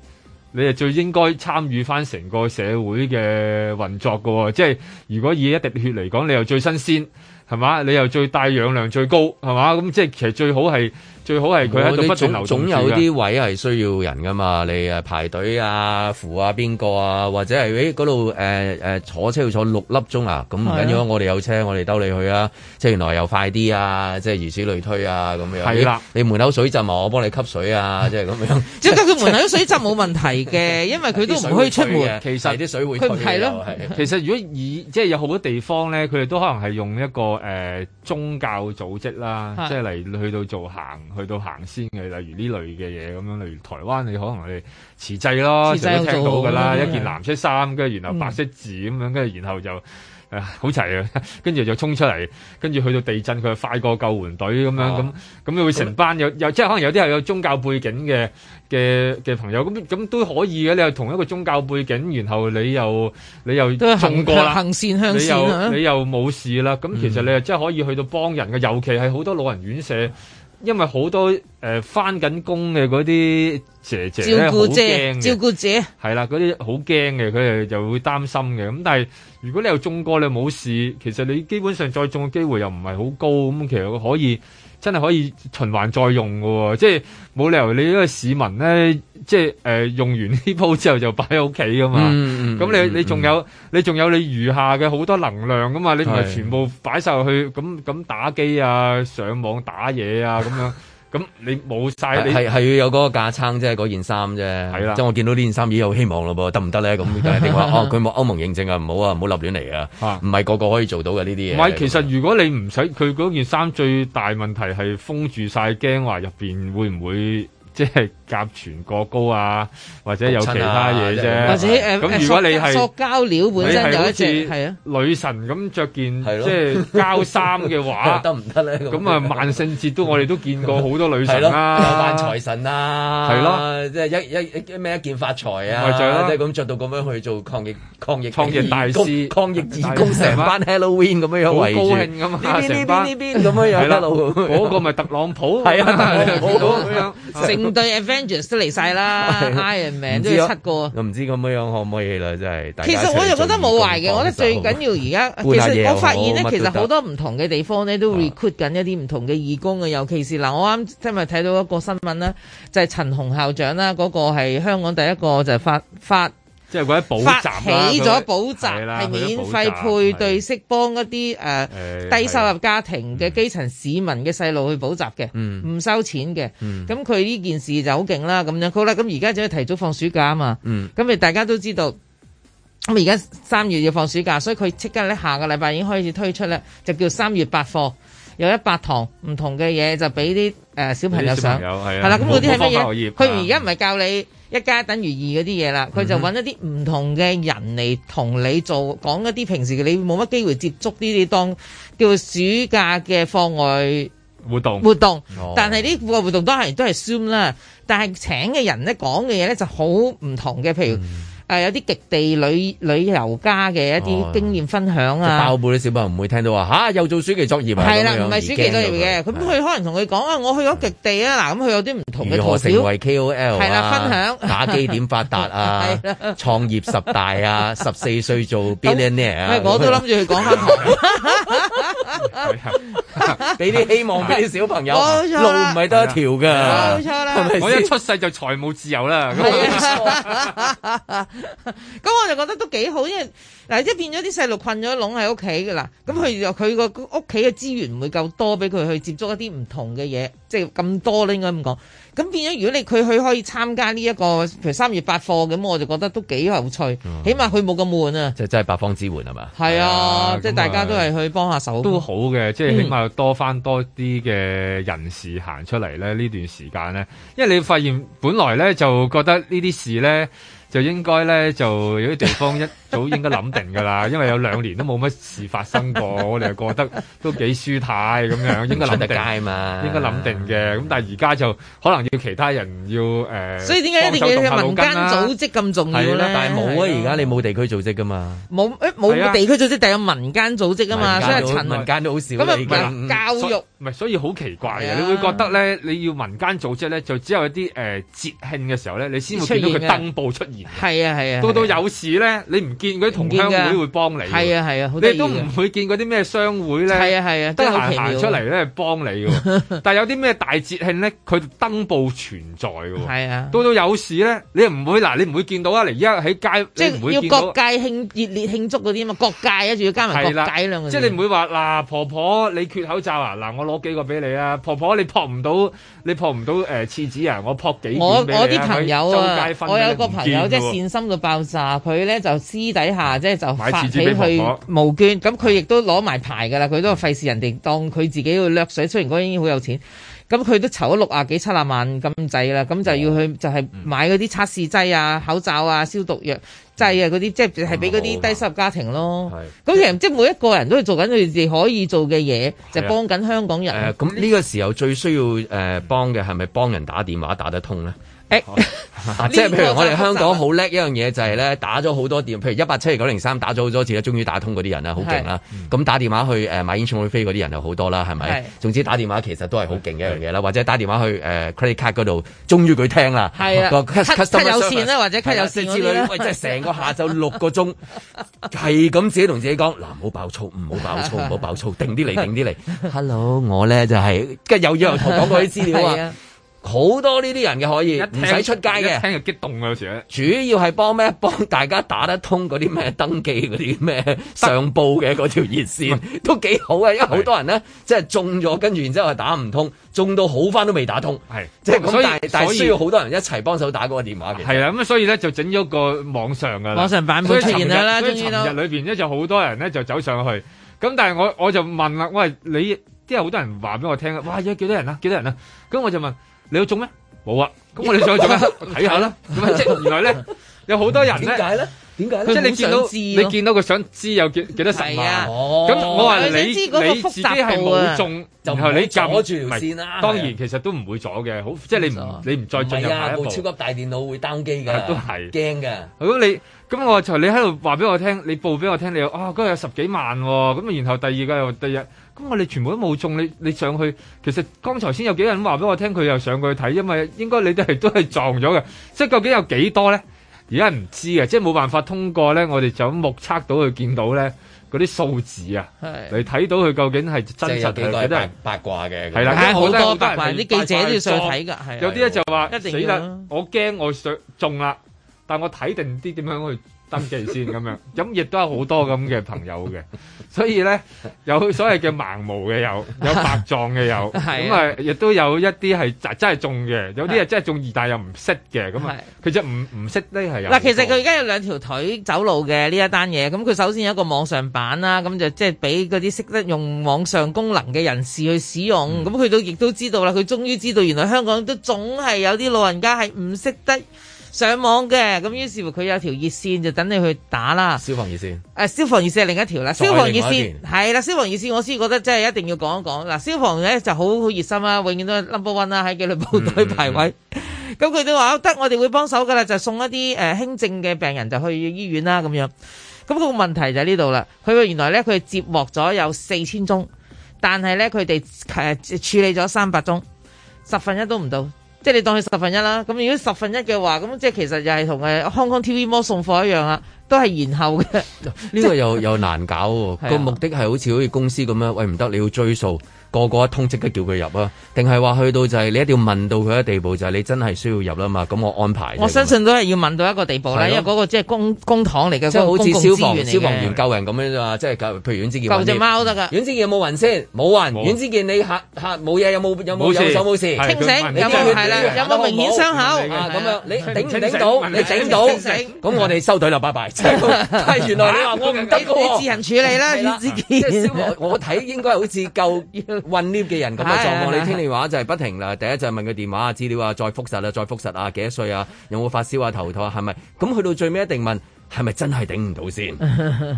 你係最應該參與翻成個社會嘅運作㗎喎，即係如果以一滴血嚟講，你又最新鮮，係嘛？你又最帶氧量最高，係嘛？咁即係其實最好係。最好係佢喺度，總總有啲位係需要人噶嘛。你誒、啊、排隊啊，扶啊，邊個啊，或者係誒嗰度誒誒坐車要坐六粒鐘啊，咁唔緊要，啊、我哋有車，我哋兜你去啊。即係原來又快啲啊，即係如此類推啊咁樣。係啦、啊哎，你門口水浸啊，我幫你吸水啊，即係咁樣。只不過佢門口水浸冇問題嘅， 因為佢都唔可以出門。其實啲水會，係咯，其實如果以即係有好多地方咧，佢哋都可能係用一個誒、呃、宗教組織啦，即係嚟去到做行。去到行先嘅，例如呢類嘅嘢咁樣，例如台灣你可能你慈濟咯，成日都聽到㗎啦。一件藍色衫，跟住然後白色字咁樣，跟住然後就誒好齊嘅，跟住就衝出嚟，跟住去到地震佢快過救援隊咁樣咁咁，你會成班有有即係可能有啲係有宗教背景嘅嘅嘅朋友咁咁都可以嘅。你又同一個宗教背景，然後你又你又都行行善向善你又你又冇事啦。咁其實你係即係可以去到幫人嘅，尤其係好多老人院舍。因為好多誒翻緊工嘅嗰啲姐姐咧好驚嘅，照顧者係啦，嗰啲好驚嘅，佢哋就會擔心嘅。咁但係如果你又中過你冇事，其實你基本上再中嘅機會又唔係好高，咁其實可以真係可以循環再用嘅，哦，即係冇理由你呢個市民咧。即係誒、呃，用完呢鋪之後就擺喺屋企噶嘛，咁、嗯嗯、你你仲有、嗯嗯、有你仲有你餘下嘅好多能量噶嘛，是你唔係全部擺晒去咁咁打機啊、上網打嘢啊咁樣，咁你冇晒是你係係要有嗰個架撐啫，嗰、就是、件衫啫，即係的我見到呢件衫已經有希望咯噃，得唔得咧？咁但係你話哦，佢冇歐盟認證啊，唔好啊，唔好立亂嚟啊，唔係 個個可以做到嘅呢啲嘢。唔係，其實如果你唔使佢嗰件衫最大問題係封住晒驚話入邊會唔會即係。就是 甲醛過高啊，或者有其他嘢啫。或者咁，如果你係塑膠料本身，有隻係啊女神咁著件即係膠衫嘅話，得唔得咧？咁啊萬聖節都我哋都見過好多女神啊，有班財神啊，係咯，即係一一一咩一件發財啊，即係咁著到咁樣去做抗疫抗疫抗疫大師，抗疫義工成班 Halloween 咁樣圍住，好高興咁啊，成班呢邊呢邊呢邊咁樣一路嗰個咪特朗普係啊，好咁樣聖誕 event。都嚟晒啦，Iron Man 都要七個，我唔、啊、知咁樣可唔可以啦，真係。其實我又覺得冇壞嘅，手我覺得最緊要而家，其實我發現咧，其實好多唔同嘅地方咧都 recruit 緊一啲唔同嘅義工嘅，尤其是嗱、啊，我啱聽日睇到一個新聞啦，啊、就係陳紅校長啦，嗰、嗰個係香港第一個就係發發。發即係啲補習，起咗補習係免費配對式，幫一啲誒低收入家庭嘅基層市民嘅細路去補習嘅，唔收錢嘅。咁佢呢件事就好勁啦。咁樣好啦，咁而家就要提早放暑假啊嘛。咁咪大家都知道，咁而家三月要放暑假，所以佢即刻咧下個禮拜已經開始推出咧，就叫三月八課，有一百堂唔同嘅嘢，就俾啲誒小朋友上。係啦，咁嗰啲係乜嘢？佢而家唔係教你。一加一等於二嗰啲嘢啦，佢就揾一啲唔同嘅人嚟同你做，講一啲平時你冇乜機會接觸呢啲，當叫暑假嘅課外活動活動。但係呢個活動都係都係 Zoom 啦，但係請嘅人咧講嘅嘢咧就好唔同嘅，譬如。嗯但係有啲極地旅旅遊家嘅一啲經驗分享啊！即係啲小朋友唔會聽到話嚇，又做暑期作業啊！係啦，唔係暑期作業嘅，佢佢可能同佢講啊，我去咗極地啊！嗱，咁佢有啲唔同嘅圖表。如何成為 KOL？係啦，分享打機點發達啊！創業十大啊！十四歲做 billionaire 啊！我都諗住去講下。俾啲 希望俾啲小朋友，路唔係得一條噶。冇錯啦，我一出世就財務自由啦。咁我就覺得都幾好，因為嗱，即係變咗啲細路困咗籠喺屋企噶啦。咁佢又佢個屋企嘅資源唔會夠多，俾佢去接觸一啲唔同嘅嘢，即係咁多咧，應該咁講。咁變咗，如果你佢去可以參加呢、這、一個，譬如三月八貨咁，我就覺得都幾有趣，嗯、起碼佢冇咁悶啊！即係真係八方支援係嘛？係啊，啊即係大家都係去幫下手、啊、都好嘅，嗯、即係起碼多翻多啲嘅人士行出嚟咧呢段時間咧，因為你發現本來咧就覺得呢啲事咧就應該咧就有啲地方一。 早應該諗定㗎啦，因為有兩年都冇乜事發生過，我哋又覺得都幾舒泰咁樣，應該諗定。應該諗定嘅，咁但係而家就可能要其他人要誒。所以點解一定要民間組織咁重要咧？但係冇啊！而家你冇地區組織㗎嘛？冇冇地區組織，但有民間組織啊嘛？所以趁民間都好少。咁教育唔係，所以好奇怪嘅，你會覺得咧，你要民間組織咧，就只有一啲誒節慶嘅時候咧，你先會見到佢登報出現。係啊係啊，到到有事咧，你唔見嗰啲同鄉會會幫你，啊啊、你都唔會見嗰啲咩商會咧，得行、啊啊、出嚟咧幫你。 但係有啲咩大節慶咧，佢登報存在㗎喎。啊，到到有事咧，你唔會嗱，你唔會，會見到啊！嚟而家喺街，即係要各界慶熱烈慶祝嗰啲啊嘛，各界啊，仲要加埋各界兩、啊。即係你唔會話嗱、啊，婆婆你缺口罩啊？嗱，我攞幾個俾你啊！婆婆你撲唔到你撲唔到誒廁紙啊？我撲幾、啊我？我我啲朋友、啊、我有個朋友即係、啊、善心到爆炸，佢咧就知底下即係就發起去募捐，咁佢亦都攞埋牌噶啦，佢、嗯、都費事人哋當佢自己去掠水，雖然嗰陣已經好有錢，咁佢都籌咗六啊幾七啊萬咁制啦，咁就要去就係買嗰啲測試劑啊、嗯、口罩啊、消毒藥劑啊嗰啲，即係俾嗰啲低收入家庭咯。咁其實即係每一個人都做緊佢哋可以做嘅嘢，的就幫緊香港人。咁呢、嗯呃、個時候最需要誒幫嘅係咪幫人打電話打得通咧？即係譬如我哋香港好叻一樣嘢就係咧，打咗好多電，譬如一八七二九零三打咗好多次咧，終於打通嗰啲人啦，好勁啦。咁打電話去誒買演唱會飛嗰啲人又好多啦，係咪？總之打電話其實都係好勁嘅一樣嘢啦，或者打電話去誒 credit card 嗰度，終於佢聽啦。係啊，有線啦，或者有線之類。喂，即係成個下晝六個鐘，係咁自己同自己講嗱，唔好爆粗，唔好爆粗，唔好爆粗，定啲嚟，定啲嚟。Hello，我咧就係跟有嘢又同講嗰啲資料啊。好多呢啲人嘅可以唔使出街嘅，一聽就激動啊！有時主要係幫咩？幫大家打得通嗰啲咩登記嗰啲咩上報嘅嗰條熱線，都幾好啊！因為好多人咧即係中咗，跟住然之後打唔通，中到好翻都未打通，係即係咁。但但係需要好多人一齊幫手打嗰個電話嘅。係啊，咁所以咧就整咗個網上嘅網上版面出現啦啦，尋日裏邊咧就好多人咧就走上去。咁但係我我就問啦，喂，你即係好多人話俾我聽啊，哇！而家幾多人啊？幾多人啊？咁我就問。你有中咩？冇啊！咁我哋想去做咩？睇下啦。咁即係原來咧，有好多人咧，點解咧？點解即係你見到你見到佢想知有幾幾多十萬？咁我話你你自己係冇中，然後你撳住先啦。當然其實都唔會阻嘅，好即係你唔你唔再進入下一步。超級大電腦會登機㗎，都係驚㗎。如果你咁我就你喺度話俾我聽，你報俾我聽，你啊嗰日有十幾萬喎。咁然後第二個又第一。咁我哋全部都冇中，你你上去，其實剛才先有幾個人話俾我聽，佢又上過去睇，因為應該你哋係都係撞咗嘅，即係究竟有幾多咧？而家唔知啊，即係冇辦法通過咧，我哋就咁目測到佢見到咧嗰啲數字啊，嚟睇到佢究竟係真實定係真係八卦嘅，係啦，好多八卦，啲記者都要上睇噶，係，有啲咧就話，一定死啦，我驚我想中啦，但我睇定啲點樣去？ 登記先，咁樣，咁亦都有好多咁嘅朋友嘅，所以咧有所謂嘅盲毛嘅有，有白撞嘅有，咁 是啊亦都有一啲係真真係中嘅，有啲啊真係中二，但又唔識嘅，咁啊佢就唔唔識呢係有。嗱，其實佢而家有兩條腿走路嘅呢一單嘢，咁佢首先有一個網上版啦，咁就即係俾嗰啲識得用網上功能嘅人士去使用，咁佢都亦都知道啦。佢終於知道原來香港都總係有啲老人家係唔識得，上網嘅，咁於是乎佢有條熱線就等你去打啦。消防熱線，誒、呃，消防熱線係另一條啦。消防熱線係啦，消防熱線我先覺得真係一定要講一講。嗱，消防咧就好好熱心啦，永遠都係 number one 啦，喺紀律部隊排位。咁佢都話得，我哋會幫手噶啦，就送一啲誒輕症嘅病人就去醫院啦咁樣。咁個問題就係呢度啦。佢話原來咧佢接獲咗有四千宗，但係咧佢哋誒處理咗三百宗，十分一都唔到。即係你當佢十分一啦，咁如果十分一嘅話，咁即係其實又係同誒 Hong Kong TV Mall 送貨一樣啊，都係延後嘅。呢個又 又難搞喎、哦，個 是、啊、目的係好似好似公司咁樣，喂唔得你要追數？個個一通知都叫佢入啊，定係話去到就係你一定要問到佢嘅地步，就係你真係需要入啦嘛？咁我安排。我相信都係要問到一個地步啦，因為嗰個即係公公堂嚟嘅，即係好似消防消防員救人咁樣咋嘛？即係救，譬如袁志健。救隻貓得噶。袁志健有冇暈先？冇暈。袁志健你吓吓冇嘢？有冇有冇有手冇事？清醒有冇係啦？有冇明顯傷口？啊咁樣你頂唔頂到？你頂到？咁我哋收隊啦，拜拜。但係原來你話我唔得喎。你自行處理啦，袁志健。即係消防，我睇應該好似救。混亂嘅人咁嘅狀況，啊、你聽電話就係不停啦。啊、第一就係問佢電話啊、資料啊，再覆實啊、再覆實啊，幾多歲啊，有冇發燒啊、頭痛啊，係咪？咁去到最尾一定問。係咪真係頂唔到先？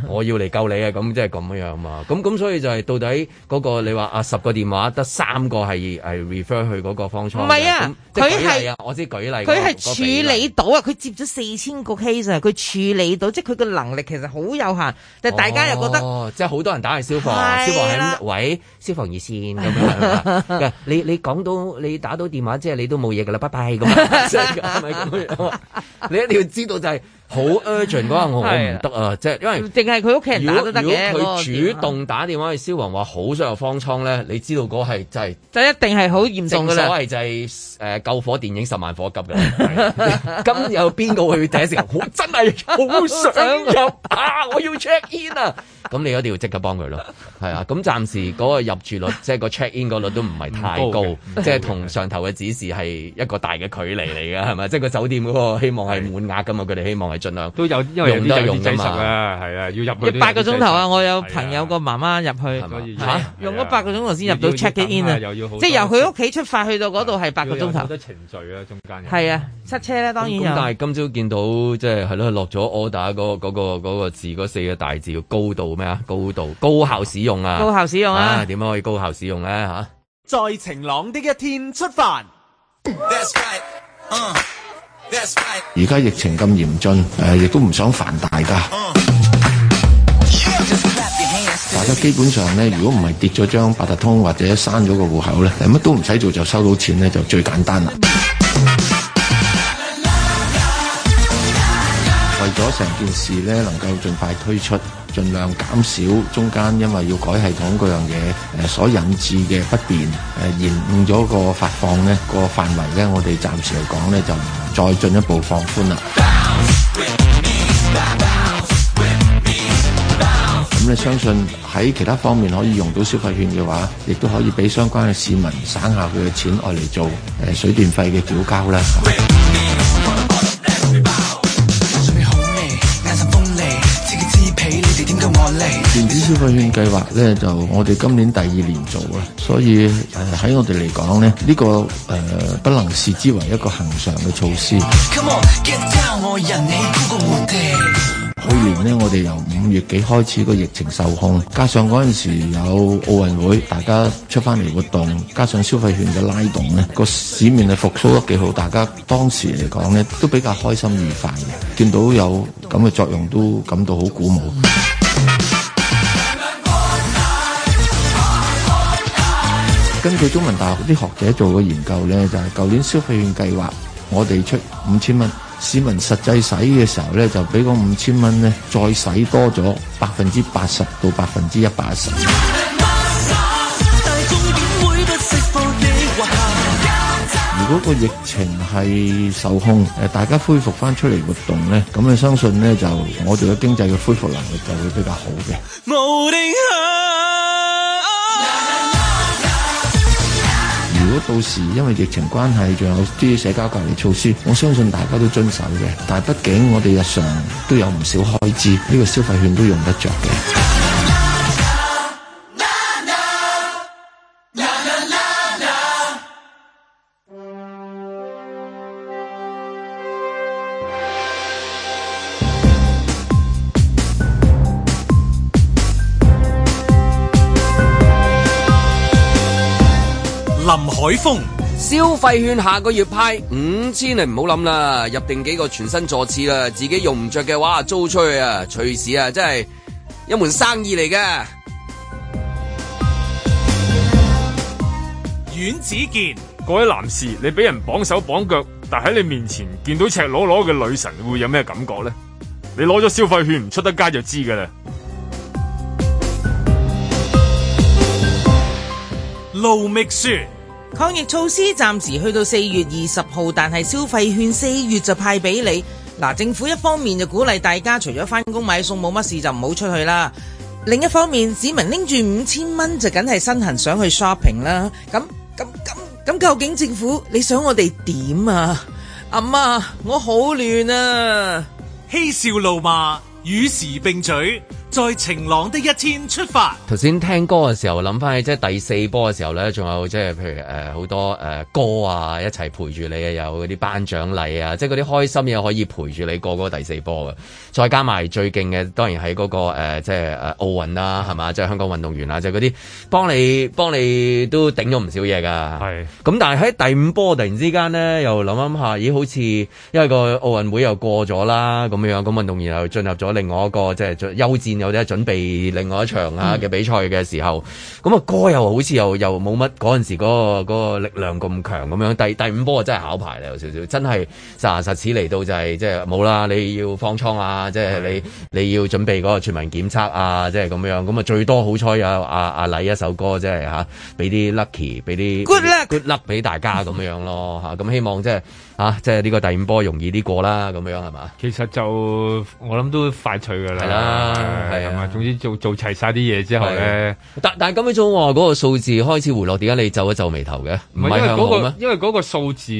我要嚟救你啊！咁即係咁樣嘛？咁咁所以就係到底嗰個你話啊，十個電話得三個係係 refer 去嗰個方艙？唔係啊，佢係我知舉例，佢係處理到啊！佢接咗四千個 case 啊！佢處理到，即係佢嘅能力其實好有限，但係大家又覺得即係好多人打去消防，消防喺位，消防熱線咁樣。你你講到你打到電話，即係你都冇嘢㗎啦，拜拜 e 咁啊！咁樣？你一定要知道就係。好 urgent 嗰下，我我唔得啊，即係因為，淨係佢屋企人打都得嘅。如果佢主動打電話去消防話好想有方艙咧，你知道嗰係就係、是、就一定係好嚴重嘅。正所謂就係、是、誒、呃、救火電影十萬火急㗎。咁 有邊個去第一時間？ 我真係好想入 啊！我要 check in 啊！咁 你一定要即刻幫佢咯，係啊。咁暫時嗰個入住率，即、就、係、是、個 check in 個率都唔係太高，即係同上頭嘅指示係一個大嘅距離嚟嘅，係咪？即係 個酒店嗰個希望係滿額㗎嘛，佢哋希望係。盡量都有用都有用㗎嘛，係啊，要入去八個鐘頭啊！我有朋友個媽媽入去嚇，用咗八個鐘頭先入到 check in 啊！又要即係由佢屋企出發去到嗰度係八個鐘頭，好多程序啊中間。係啊，塞車啦、啊、當然有公公但係今朝見到即係係咯落咗 order、嗰個嗰、嗰個嗰個字嗰四個大字叫高度咩啊？高度高效使用啊！高效使用啊！點、啊、樣可以高效使用咧、啊、嚇？在晴朗的一,一天出發。 而家疫情咁嚴峻，誒、呃，亦都唔想煩大家。Uh, 大家基本上咧，如果唔係跌咗張八達通或者閂咗個戶口咧，乜都唔使做就收到錢咧，就最簡單啦。咗成件事咧，能夠盡快推出，儘量減少中間因為要改系統嗰樣嘢，誒、呃、所引致嘅不便，誒、呃、延誤咗個發放咧、這個範圍咧，我哋暫時嚟講咧就唔再進一步放寬啦。咁你相信喺其他方面可以用到消費券嘅話，亦都可以俾相關嘅市民省下佢嘅錢，嚟做誒水電費嘅繳交啦。消費券計劃咧，就我哋今年第二年做啊，所以誒喺、呃、我哋嚟講咧，呢、這個誒、呃、不能視之為一個恒常嘅措施。On, down, oh, 去年呢，我哋由五月幾開始個疫情受控，加上嗰陣時有奧運會，大家出翻嚟活動，加上消費券嘅拉動咧，個市面係復甦得幾好，大家當時嚟講咧都比較開心愉快嘅，見到有咁嘅作用都感到好鼓舞。 根據中文大學啲學者做嘅研究咧，就係舊年消費券計劃，我哋出五千蚊，市民實際使嘅時候咧，就俾個五千蚊咧，再使多咗百分之八十到百分之一百一十。如果個疫情係受控，誒大家恢復翻出嚟活動咧，咁啊相信咧就我哋嘅經濟嘅恢復能力就會比較好嘅。如果到時因為疫情關係，仲有啲社交隔離措施，我相信大家都遵守嘅。但係畢竟我哋日常都有唔少開支，呢個消費券都用得着嘅。海風，消費券下個月派五千，你唔好諗啦，入定幾個全新坐廁啦，自己用唔着嘅話租出去啊，隨時啊，真係一門生意嚟嘅。阮子健，各位男士，你俾人綁手綁腳，但喺你面前見到赤裸裸嘅女神，你會有咩感覺呢？你攞咗消費券唔出得街就知噶啦。盧覓雪。抗疫措施暫時去到四月二十號，但係消費券四月就派俾你。嗱，政府一方面就鼓勵大家除咗返工買餸冇乜事就唔好出去啦；另一方面，市民拎住五千蚊就梗係身痕想去 shopping 啦。咁咁咁咁，究竟政府你想我哋點啊？阿媽，我好亂啊！嬉笑怒罵與時並舉。在晴朗的一天出發。頭先聽歌嘅時候，諗翻起即係第四波嘅時候咧，仲有即係譬如誒好、呃、多誒、呃、歌啊，一齊陪住你啊，有啲頒獎禮啊，即係啲開心嘢可以陪住你過個第四波嘅。再加埋最勁嘅，當然係嗰、那個誒即係誒奧運啦，係、呃、嘛？即係、啊、香港運動員啊，就係啲幫你幫你都頂咗唔少嘢㗎。係。咁是但係喺第五波突然之間咧，又諗諗下，咦？好似因為個奧運會又過咗啦，咁樣咁運動員又進入咗另外一個即係最休戰。休戰有啲準備另外一場啊嘅比賽嘅時候，咁啊、嗯、歌又好似又又冇乜嗰陣時嗰、嗰個、嗰個力量咁強咁樣，第第五波真係考牌嚟，有少少真係實牙實齒嚟到就係、是、即係冇啦，你要放倉啊，即係你你要準備嗰個全民檢測啊，即係咁樣，咁啊最多好彩有阿阿禮一首歌，即係吓俾啲 lucky 俾啲 good luck good luck 俾大家咁樣咯吓，咁、啊、希望即係。啊，即係呢個第五波容易啲過啦，咁樣係嘛？其實就我諗都快脆噶啦，係啊，係啊，總之做做齊晒啲嘢之後誒，但但係咁樣做話嗰個數字開始回落，點解你皺一皺眉頭嘅？唔係因為嗰個，因為嗰個數字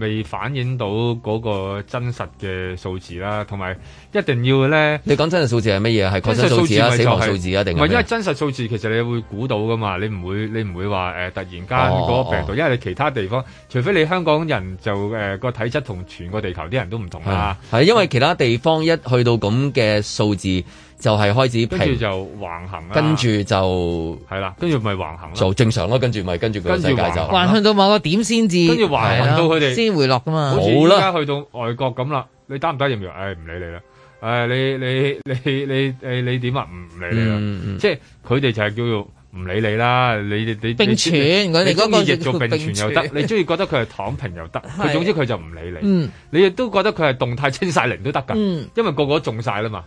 未反映到嗰個真實嘅數字啦，同埋一定要咧。你講真實數字係乜嘢？係確診數字啊，死亡數字啊，定係咩？唔係因為真實數字其實你會估到噶嘛，你唔會你唔會話誒突然間嗰個病毒，因為你其他地方，除非你香港人就誒。個體質同全個地球啲人都唔同啦、啊，係因為其他地方一去到咁嘅數字就係、是、開始平，跟住就橫行啦、啊，跟住就係啦，跟住咪橫行啦、啊，就正常咯、啊，跟住咪跟住個世界就橫行、啊、到某個點先至，跟住橫行到佢哋先回落噶嘛。好啦，去到外國咁啦，你得唔得認唔唉，唔、哎、理你啦，唉、哎，你你你你你你點啊？唔理你啦，嗯嗯、即係佢哋就係叫做。唔理你啦，你你你你中意做並存又得，你中意覺得佢係躺平又得，佢的總之佢就唔理你。嗯，你亦都覺得佢係動態清晒零都得㗎，嗯，因為個個都中晒啦嘛。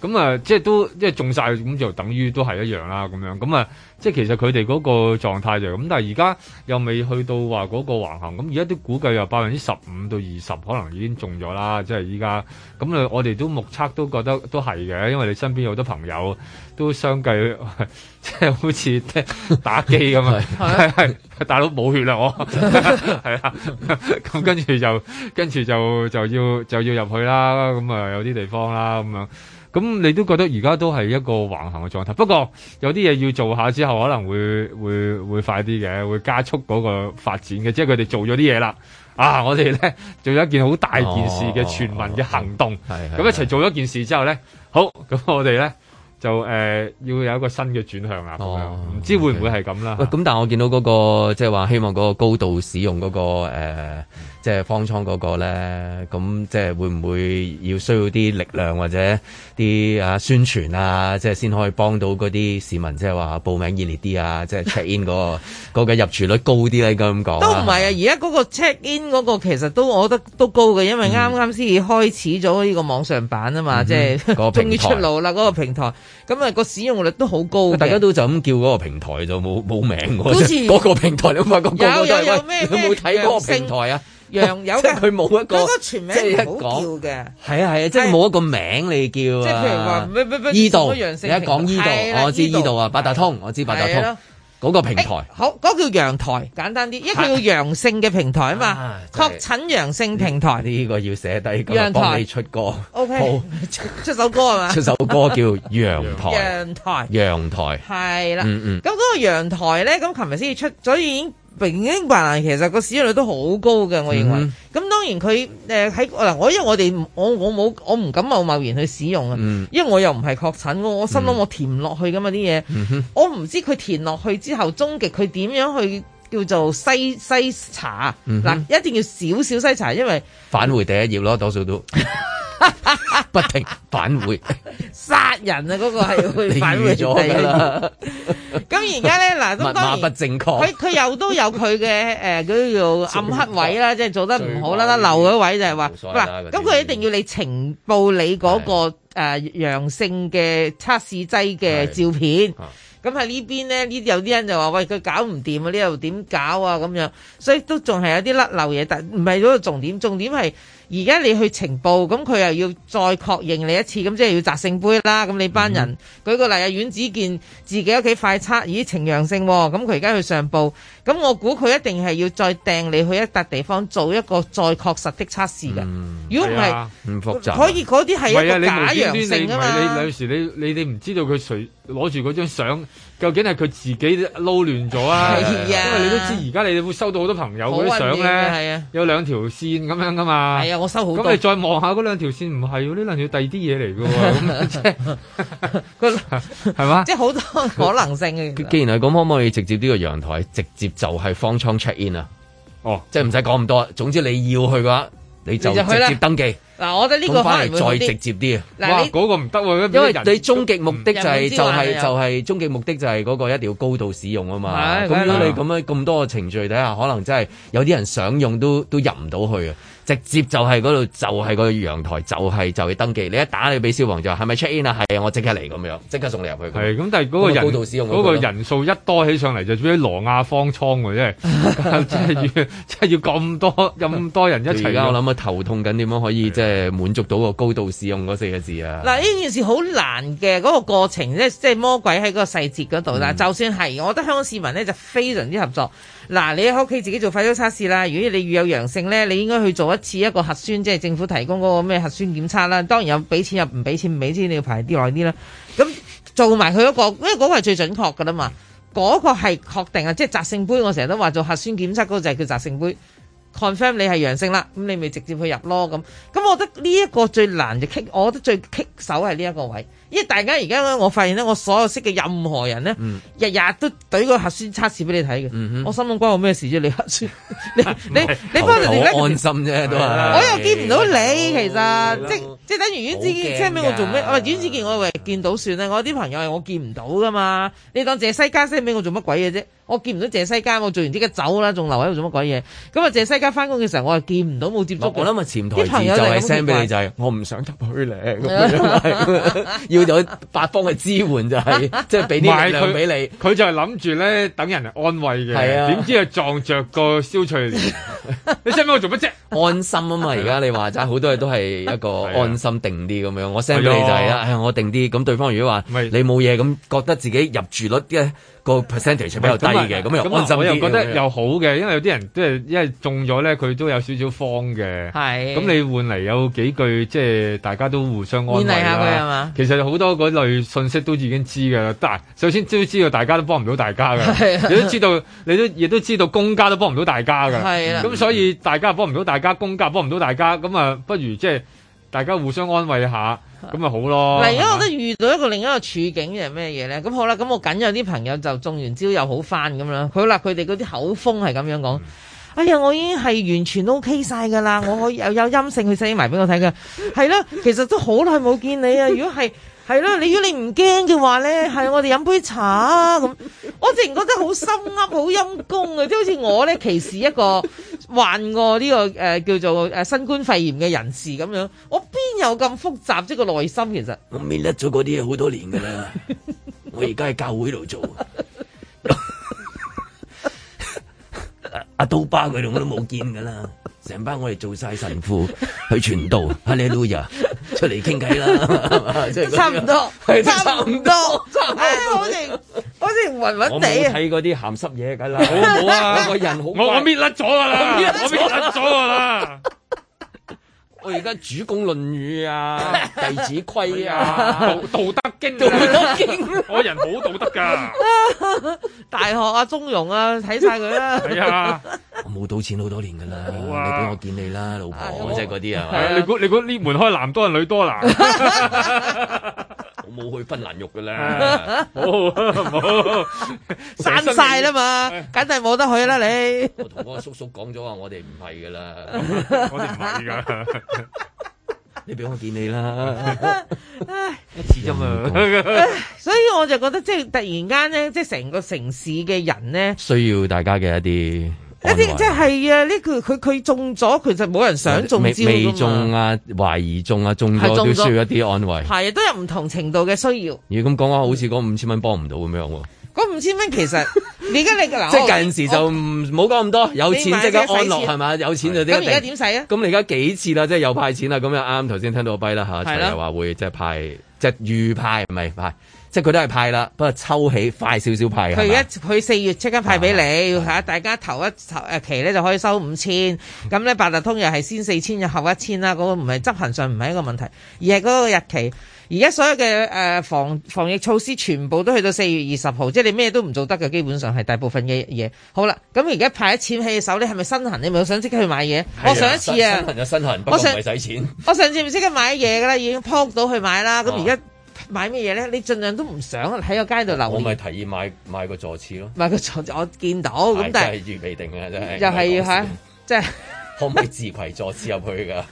咁啊、嗯，即係都即係中晒，咁就等於都係一樣啦，咁樣。咁啊，即係其實佢哋嗰個狀態就咁，但係而家又未去到話嗰個橫行，咁而家都估計有百分之十五到二十，可能已經中咗啦。即係依家，咁啊，我哋都目測都覺得都係嘅，因為你身邊有好多朋友都相繼即係好似打機咁啊，大佬冇血啦，我係啊，咁跟住就跟住就就要就要，就要入去啦，咁啊有啲地方啦，咁樣。咁你都覺得而家都係一個橫行嘅狀態，不過有啲嘢要做下之後，可能會會會快啲嘅，會加速嗰個發展嘅，即係佢哋做咗啲嘢啦。啊，我哋咧做咗一件好大件事嘅全民嘅行動，咁、哦哦哦哦、一齊做咗件事之後咧，好，咁我哋咧就誒、呃、要有一個新嘅轉向啊，唔、哦、知會唔會係咁啦。哦、喂，咁但係我見到嗰、嗰個即係話希望嗰個高度使用嗰、嗰個、呃即係方艙嗰個咧，咁即係會唔會要需要啲力量或者啲啊宣傳啊，即係先可以幫到嗰啲市民，即係話報名熱烈啲啊，即係 check in 嗰個個入住率高啲咧？應該咁講都唔係啊！而家嗰個 check in 嗰個其實都我覺得都高嘅，因為啱啱先開始咗呢個網上版啊嘛，即係終於出爐啦嗰個平台。咁啊個使用率都好高，大家都就咁叫嗰個平台就冇冇名好似嗰個平台，你發覺個個都係你有冇睇嗰個平台啊？楊有嘅，嗰個全名唔好叫嘅。係啊係啊，即係冇一個名你叫，即係譬如話，唔依度，你一講依度，我知依度啊，八達通，我知八達通嗰個平台。好，嗰個叫陽台，簡單啲，一個叫陽性嘅平台啊嘛，確診陽性平台。呢個要寫低，佢幫你出歌。O K，出首歌係嘛？出首歌叫陽台，陽台，陽台，係啦。嗯嗯。咁嗰個陽台咧，咁琴日先至出咗，已經。平平凡其實個使用率都好高嘅，我認為。咁、mm hmm. 當然佢誒喺嗱，我、呃、因為我哋我我冇我唔敢貿貿然去使用啊，mm hmm. 因為我又唔係確診，我心諗我填唔落去噶嘛啲嘢，mm hmm. 我唔知佢填落去之後，終極佢點樣去。叫做西西茶嗱，一定要少少西茶，因為返回第一頁咯，多數都不停返回。殺人啊，嗰個係去返回咗啦。咁而家咧嗱，咁當然佢佢又都有佢嘅誒，嗰啲叫暗黑位啦，即係做得唔好啦，留嗰位就係話嗱，咁佢一定要你呈報你嗰個誒陽性嘅測試劑嘅照片。咁喺呢邊咧，呢有啲人就話：喂，佢搞唔掂啊，呢度點搞啊咁樣，所以都仲係有啲甩漏嘢，但唔係嗰個重點，重點係……而家你去呈報，咁佢又要再確認你一次，咁即係要擲聖杯啦。咁你班人、嗯、舉個例啊，阮子健自己屋企快測，咦，呈陽性喎、喔。咁佢而家去上報，咁我估佢一定係要再掟你去一笪地方做一個再確實的測試㗎。嗯、如果唔係，唔、啊、複雜，可以嗰啲係一個假陽性啊嘛。啊你有時你你你唔知道佢誰攞住嗰張相。究竟係佢自己撈亂咗啊？係啊，因為你都知而家你會收到好多朋友嗰啲相咧，有兩條線咁樣噶嘛。係啊，我收好多。咁你再望下嗰兩條線，唔係喎，呢兩條第二啲嘢嚟嘅。咁即係嘛？即係好多可能性嘅。 既然係咁，可唔可以直接呢個陽台直接就係方艙 check in 啊？哦，即係唔使講咁多。總之你要去嘅話。你就直接登記嗱，我覺得呢個可能會再直接啲啊。嗱，嗰個唔得喎，因為你終極目的就係就係就係終極目的就係嗰個一定要高度使用啊嘛。咁如果你咁樣咁多個程序底下，可能真係有啲人想用都都入唔到去啊。直接就係嗰度，就係、是、個陽台，就係、是、就要、是、登記。你一打，你俾消防就話係咪 check in 啊？係啊，我即刻嚟咁樣，即刻送你入去。係、那、咁、個，但係嗰個，個高度使用嗰個，個人數一多起上嚟，就變咗羅亞方艙喎，真係， 真係要真係要咁多咁多人一齊。 我諗啊， 頭痛緊，點樣可以即係是滿足到個高度使用嗰四個字啊？嗱，呢件事好難嘅，嗰、那個過程咧，即係魔鬼喺嗰個細節嗰度。嗱，嗯、就算係，我覺得香港市民咧就非常之合作。嗱，你喺屋企自己做快速測試啦。如果你預有陽性咧，你應該去做一次一個核酸，即係政府提供嗰個咩核酸檢測啦。當然有俾錢又唔俾錢，唔俾錢，錢你要排啲耐啲啦。咁做埋佢一個，因為嗰個係最準確㗎啦嘛，嗰、嗰個係確定啊，即係雜性杯。我成日都話做核酸檢測嗰、嗰個就係叫雜性杯，confirm 你係陽性啦，咁你咪直接去入咯。咁咁，我覺得呢一個最難就棘，我覺得最棘手係呢一個位。因為大家而家咧，我發現咧，我所有識嘅任何人咧，日日都懟個核酸測試俾你睇嘅。我心諗關我咩事啫？你核酸，你你你，返嚟點解？你安心啫，都係我又見唔到你，其實即即等於阮子健 send 俾我做咩？我阮子健我唯見到算啦。我啲朋友係我見唔到噶嘛？你當謝西嘉 send 俾我做乜鬼嘢啫？我見唔到謝西嘉，我做完即刻走啦，仲留喺度做乜鬼嘢？咁啊謝西嘉翻工嘅時候，我啊見唔到冇接觸過啦。咪潛台詞就係 send 俾你就係，我唔想入去咧。叫做八方嘅支援就係，即係俾啲力量俾你。佢就係諗住咧等人嚟安慰嘅。點知係撞着個消除？ 你 send 俾我做乜啫？安心啊嘛！而家你話齋好多嘢都係一個安心、啊、定啲咁樣。我 send 俾你就係啦，我定啲。咁對方如果話你冇嘢，咁是覺得自己入住率啲個 percentage 係比較低嘅，咁、嗯嗯、又安心啲咁我又覺得又好嘅的，因為有啲人都係因為中咗咧，佢都有少少慌嘅。係的，咁你、嗯、換嚟有幾句即係大家都互相安慰下佢係嘛？其實好多嗰類信息都已經知㗎喇。但首先都知道大家都幫唔到大家㗎，的你都知道，你都亦都知道公家都幫唔到大家㗎。係啦的，咁所以大家幫唔到大家，公家幫唔到大家，咁啊不如即係。大家互相安慰一下，咁咪好咯。嗱，啊，我覺得遇到一個 另一個處境係咩嘢咧？咁好啦，咁我僅有啲朋友就中完招又好翻咁樣。好啦，佢哋嗰啲口風係咁樣講。嗯、哎呀，我已經係完全 O K 晒㗎啦，我可又有音性去寫 s 埋俾我睇嘅。係啦，其實都好耐冇見你啊。如果係係你如果你唔驚嘅話咧，係我哋飲杯茶啊咁。我突然覺得深好深噏，好陰公啊！即係好似我咧歧視一個。患過呢、這個誒、呃、叫做誒新冠肺炎嘅人士咁樣，我邊有咁複雜即、這個內心？其實我搣甩咗嗰啲嘢好多年㗎啦，我而家喺教會度做，阿、 啊、刀疤佢哋我都冇見㗎啦。 成班我哋做晒神父去傳道， 哈利路亞，出嚟傾偈啦， 差唔多，係 差唔多，差唔多、 哎、好似好似暈暈哋睇嗰啲鹹濕嘢㗎啦，我冇 啊，我個人好，我搣甩咗㗎啦，我搣甩咗㗎啦。 我而家主攻《論語》啊，《弟子規》啊，道《道道德經》啊，道德經啊，我人冇道德噶，《 大學》啊，《中庸》啊，睇晒佢啦。係啊，看看我冇賭錢好多年噶啦，哇你俾我見你啦，老婆，即係嗰啲啊。啊啊啊你估你估呢門開男多人女多男？ 我冇去芬蘭肉噶啦，好，刪晒啦嘛，簡直冇得去啦你。我同我阿叔叔講咗話，我哋唔係噶啦，我哋唔係噶。你俾我見你啦，唉，一次啫嘛。所以我就覺得，即係突然間咧，即係成個城市嘅人咧，需要大家嘅一啲。一啲即係啊！呢、這個佢，佢中咗，其實冇人想中招㗎嘛。未中啊，懷疑中啊，中咗都需要一啲安慰。係啊，都有唔同程度嘅需要。如果咁講話好似嗰五千蚊幫唔到咁樣喎。嗰五 千蚊其實而家你嗱，啊、 即係近時就唔好講咁多。有錢即刻安樂係嘛？有錢就啲。咁而家點使啊？咁你而家幾次啦？的 即係又派錢啦？咁又啱頭先聽到個跛啦嚇，陳又話會即係派即係預派唔係派。即係佢都係派啦，不過抽起快少少派。佢而家，佢四月即刻派俾你吓，大家頭一期咧就可以收五千。 咁咧八達通又係先四千又後一千啦。嗰個唔係執行上唔係一個問題，而係嗰個日期。而家所有嘅、誒、呃、防防疫措施全部都去到四月二十號，即係你咩都唔做得嘅，基本上係大部分嘅嘢。好啦，咁而家派一千起手你係咪身痕？你咪想即刻去買嘢？的我上一次啊，我上使錢。我上次唔識得買嘢噶啦， 已經撲到去買啦。咁而家。買乜嘢咧？你盡量都唔想喺個街度留。我咪提議買買個坐廁咯。買個坐，我見到咁，但係真係預備定啊！真係又係要吓，即係可唔可以自攜坐廁入去噶？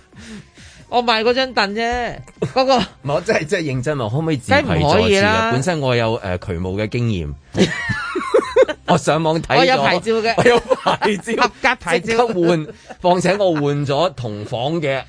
我買嗰張凳啫，嗰個唔係我真係真認真啊！可唔可以自携坐廁唔可以啦，本身我有誒渠務嘅經驗，我上網睇我有牌照嘅，我有牌照，合格牌照，換況且我換咗同房嘅。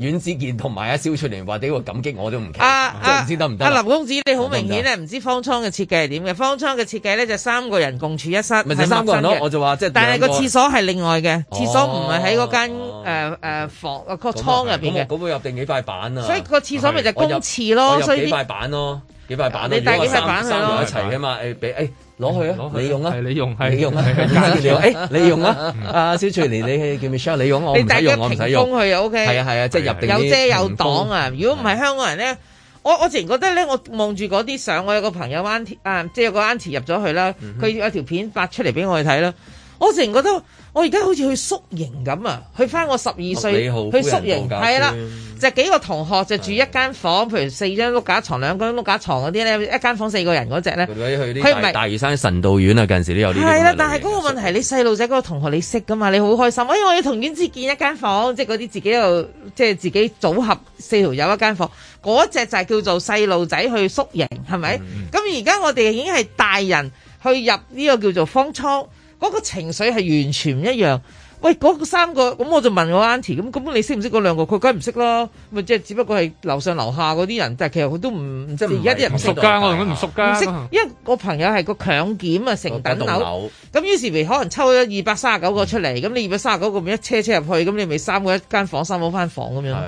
阮子健同埋阿肖翠嚟話啲話感激我都唔，都唔知得唔得。阿林公子你好明顯咧，唔知方艙嘅設計係點嘅？方艙嘅設計咧就三個人共處一室，三個人咯，我就話即係。但係個廁所係另外嘅，廁所唔係喺嗰間誒房個艙入邊嘅。咁我入定幾塊板啊？所以個廁所咪就公廁咯，所以幾塊板咯。幾塊板都用啊，三三埋一齊嘅嘛，誒，俾誒攞去啊，你用啊，係你用，係你用啊，加佢用，誒，你用啊，阿小翠蓮，你叫咩？即係你用，我唔使用，我唔使用。你帶一屏風去又 OK。係啊係啊，即係入邊有遮有擋啊！如果唔係香港人咧，我我之前覺得咧，我望住嗰啲相，我有個朋友灣啊，即係有個 Auntie 入咗去啦，佢有條片發出嚟俾我哋睇啦。我成日覺得我而家好似去宿營咁啊！去返我十二歲好去宿營係啦，就是、幾個同學就住一間房，的譬如四張碌架床，兩張碌架床嗰啲咧，一間房四個人嗰隻咧。佢唔係大嶼山神道院啊，近陣時都有啲的。係啦，但係嗰個問題，的你細路仔嗰個同學你識㗎嘛？你好開心，哎，我要同院子建一間房，即係嗰啲自己度，即係自己組合四條友一間房嗰隻，那個、就係叫做細路仔去宿營，係咪咁？而家、嗯嗯、我哋已經係大人去入呢個叫做方艙。嗰個情緒係完全唔一樣。喂，嗰、那個、三個咁，我就問我 uncle 咁，咁你識唔識嗰兩個？佢梗係唔識咯，咪即係只不過係樓上樓下嗰啲人，但係其實佢都唔即係而家啲人唔熟㗎，我同佢唔熟㗎，唔識，因為我朋友係個強檢啊，成等樓咁，於是咪可能抽咗二百三十九個出嚟，咁、嗯、你二百三十九個一車車入去，咁你咪三個一間房，三個房翻房咁樣咯。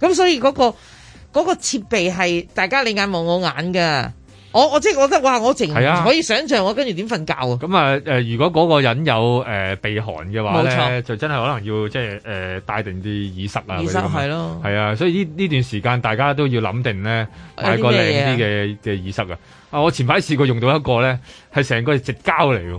咁是所以嗰、那個嗰、那個設備係大家你眼望我眼㗎。我我即係覺得哇！我成日唔可以想象，我跟住點瞓覺啊！咁啊誒，如果嗰個人有誒、呃、鼻鼾嘅話咧，錯就真係可能要即係誒帶定啲耳塞啊。耳塞係咯，係啊的！所以呢呢段時間大家都要諗定咧，買個靚啲嘅嘅耳塞啊。我前排試過用到一個咧，係成個係直膠嚟喎，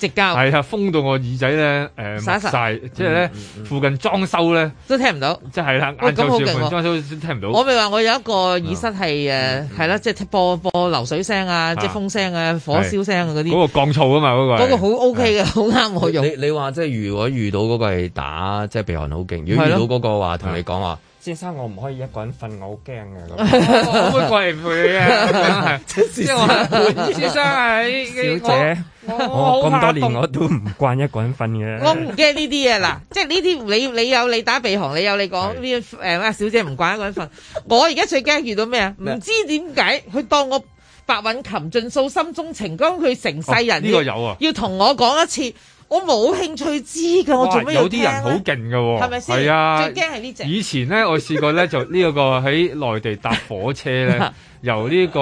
直膠係啊，封到我耳仔咧，誒，晒。即係咧，附近裝修咧，都聽唔到，即係啦，晏晝時附近裝修都聽唔到。我咪話我有一個耳塞係誒，係啦，即係播播流水聲啊，即係風聲啊，火燒聲啊嗰啲。嗰個降噪啊嘛，嗰個。嗰個好 OK 嘅，好啱我用。你你話即係如果遇到嗰個係打，即係鼻鼾好勁；如果遇到嗰個話，同你講話。先生，我唔可以一個人瞓，我好驚嘅。我會過嚟陪嘅，即係我陪先生喺。小姐，我咁多年我都唔慣一個人瞓嘅。我唔驚呢啲啊，嗱，即係呢啲你你有你打鼻鼾，你有你講誒咩？小姐唔慣一個人瞓，我而家最驚遇到咩啊？唔知點解佢當我白韻琴盡訴心中情，當佢成世人呢個有啊，要同我講一次。我冇興趣知噶，我做咩要聽？有啲人好勁噶，係咪先？係啊，最驚係呢隻。以前咧，我試過咧，就呢一個喺內地搭火車咧，由呢個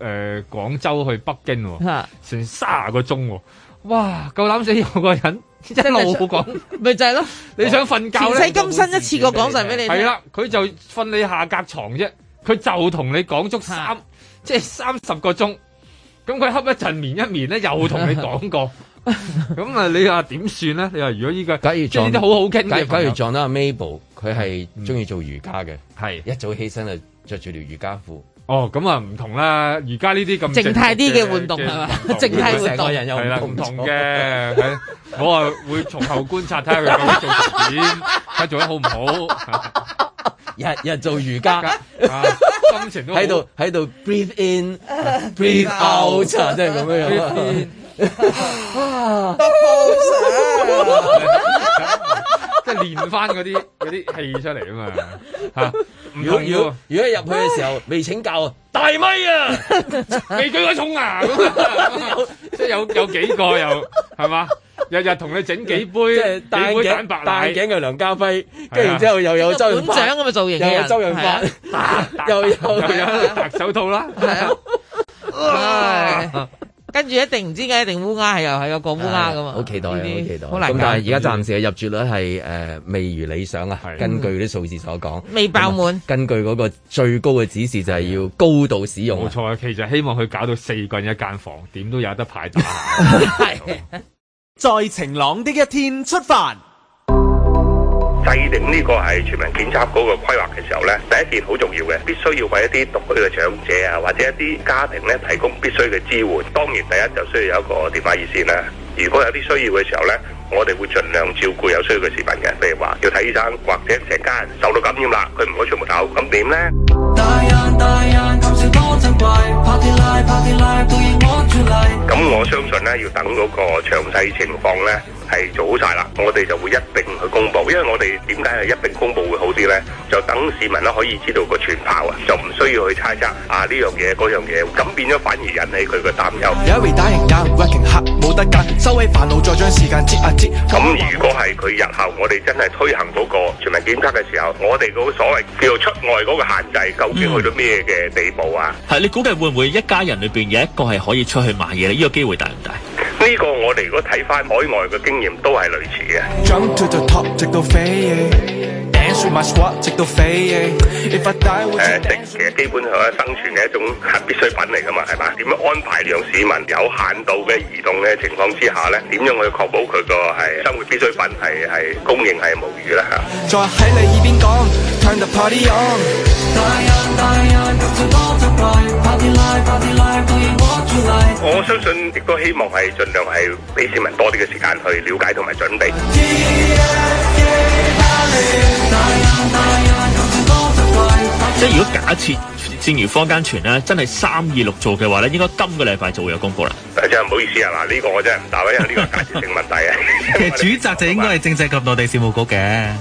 誒廣州去北京，成卅個鐘。哇，夠膽死有個人即一路講，咪就係咯。你想瞓覺使咁新一次過講述俾你。係啦，佢就瞓你下格床啫，佢就同你講足三，即係三十個鐘。咁佢瞌一陣眠一眠咧，又同你講過。咁啊，你話點算咧？你話如果依家，呢啲好好傾。假如撞到阿 Mabel，佢係中意做瑜伽嘅，係一早起身就着住條瑜伽褲。哦，咁啊唔同啦，瑜伽呢啲咁靜態啲嘅活動係嘛？靜態活動，人又唔同嘅。我啊會從頭觀察睇下佢做點，睇做得好唔好。日日做瑜伽，心情都喺度喺度 breathe in，breathe out，真係咁樣。啊！即係練翻嗰啲嗰啲戲出嚟啊嘛吓！如果要如果入去嘅時候未請教，大咪啊，未舉過重啊！即有有有幾個又係嘛？日日同你整幾杯，即係戴眼鏡戴眼鏡嘅梁家輝，跟住然之後又有周潤發咁嘅造型，又有周潤發，又有又有白手套啦，係啊！跟住一定唔知嘅，一定烏鴉係又係個過烏鴉咁嘛，好、uh, 期待，好些期待。咁但係而家暫時嘅入住率係誒未如理想啊。 根據啲數字所講，嗯、麼未爆滿。根據嗰個最高嘅指示就係要高度使用。冇錯啊，其實希望佢搞到四個人一間房，點都有得排。打。在晴朗的一天出發。制定呢個係全民檢測嗰個規劃嘅時候咧，第一件好重要嘅，必須要為一啲獨居嘅長者啊，或者一啲家庭咧提供必須嘅支援。當然第一就需要有一個電話熱線啦。如果有啲需要嘅時候咧，我哋會盡量照顧有需要嘅市民嘅。譬如話要睇醫生，或者成家人受到感染啦，佢唔可以全部走，咁點咧？咁我相信咧，要等嗰個詳細情況咧，係做好曬啦，我哋就會一並去公布，因為我哋點解係一並公布會好啲咧？就等市民啦可以知道個全貌啊，就唔需要去猜測啊呢樣嘢嗰樣嘢，咁變咗反而引起佢嘅擔憂。咁如果係佢日後我哋真係推行嗰個全民檢測嘅時候，我哋嗰所謂叫做出外嗰個限制究竟去到咩嘅地步啊？係你估計會唔會一家人裏邊有一個係可以出去買嘢？呢個機會大唔大？呢個我哋如果睇翻海外嘅經，都係類似嘅。誒，即其實基本上係生存嘅一種必需品嚟噶嘛，係嘛？點樣安排呢？讓市民有限度嘅移動嘅情況之下咧，點樣去確保佢個係生活必需品係係供應係無虞咧嚇？我相信亦都希望係盡量係俾市民多啲嘅時間去了解同埋準備。即係如果假設，正如坊間傳咧，真係三二六做嘅話咧，應該今個禮拜就會有公布啦。但係真係唔好意思啊，嗱、這、呢個我真係唔答啦，因為呢個係假設性問題啊。 其實主責就應該係政制及內地事務局嘅。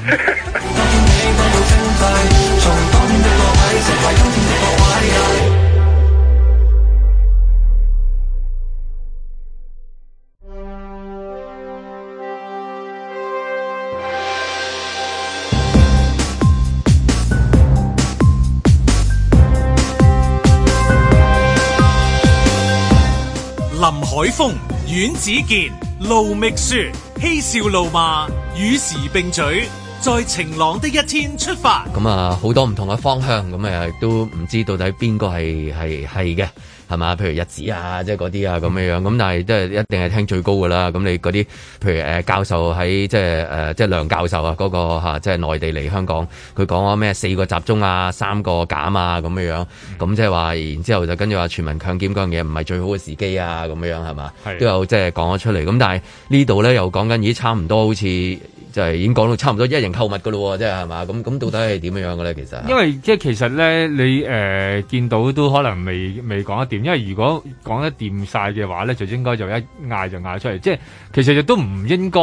林海峰、阮子健、盧覓雪、嬉笑怒罵、與時並舉，在晴朗的一天出發。咁啊，好多唔同嘅方向，咁啊都唔知到底邊個係係係嘅。係嘛？譬如日子啊，即係嗰啲啊咁嘅樣。咁但係都係一定係聽最高㗎啦。咁你嗰啲譬如誒、呃、教授喺、呃、即係誒即係梁教授啊嗰、嗰個啊即係內地嚟香港，佢講咗咩四個集中啊，三個減啊咁嘅樣。咁即係話然之後就跟住話全民強檢嗰樣嘢唔係最好嘅時機啊咁樣係嘛？是的 都有即係講咗出嚟。咁但係呢度咧又講緊已經差唔多好似。就係已經講到差唔多一人購物嘅咯喎，即係係嘛？咁咁到底係點樣樣嘅咧？其實因為即係其實咧，你誒、呃、見到都可能未未講得掂，因為如果講得掂晒嘅話咧，就應該就一嗌就嗌出嚟。即係其實亦都唔應該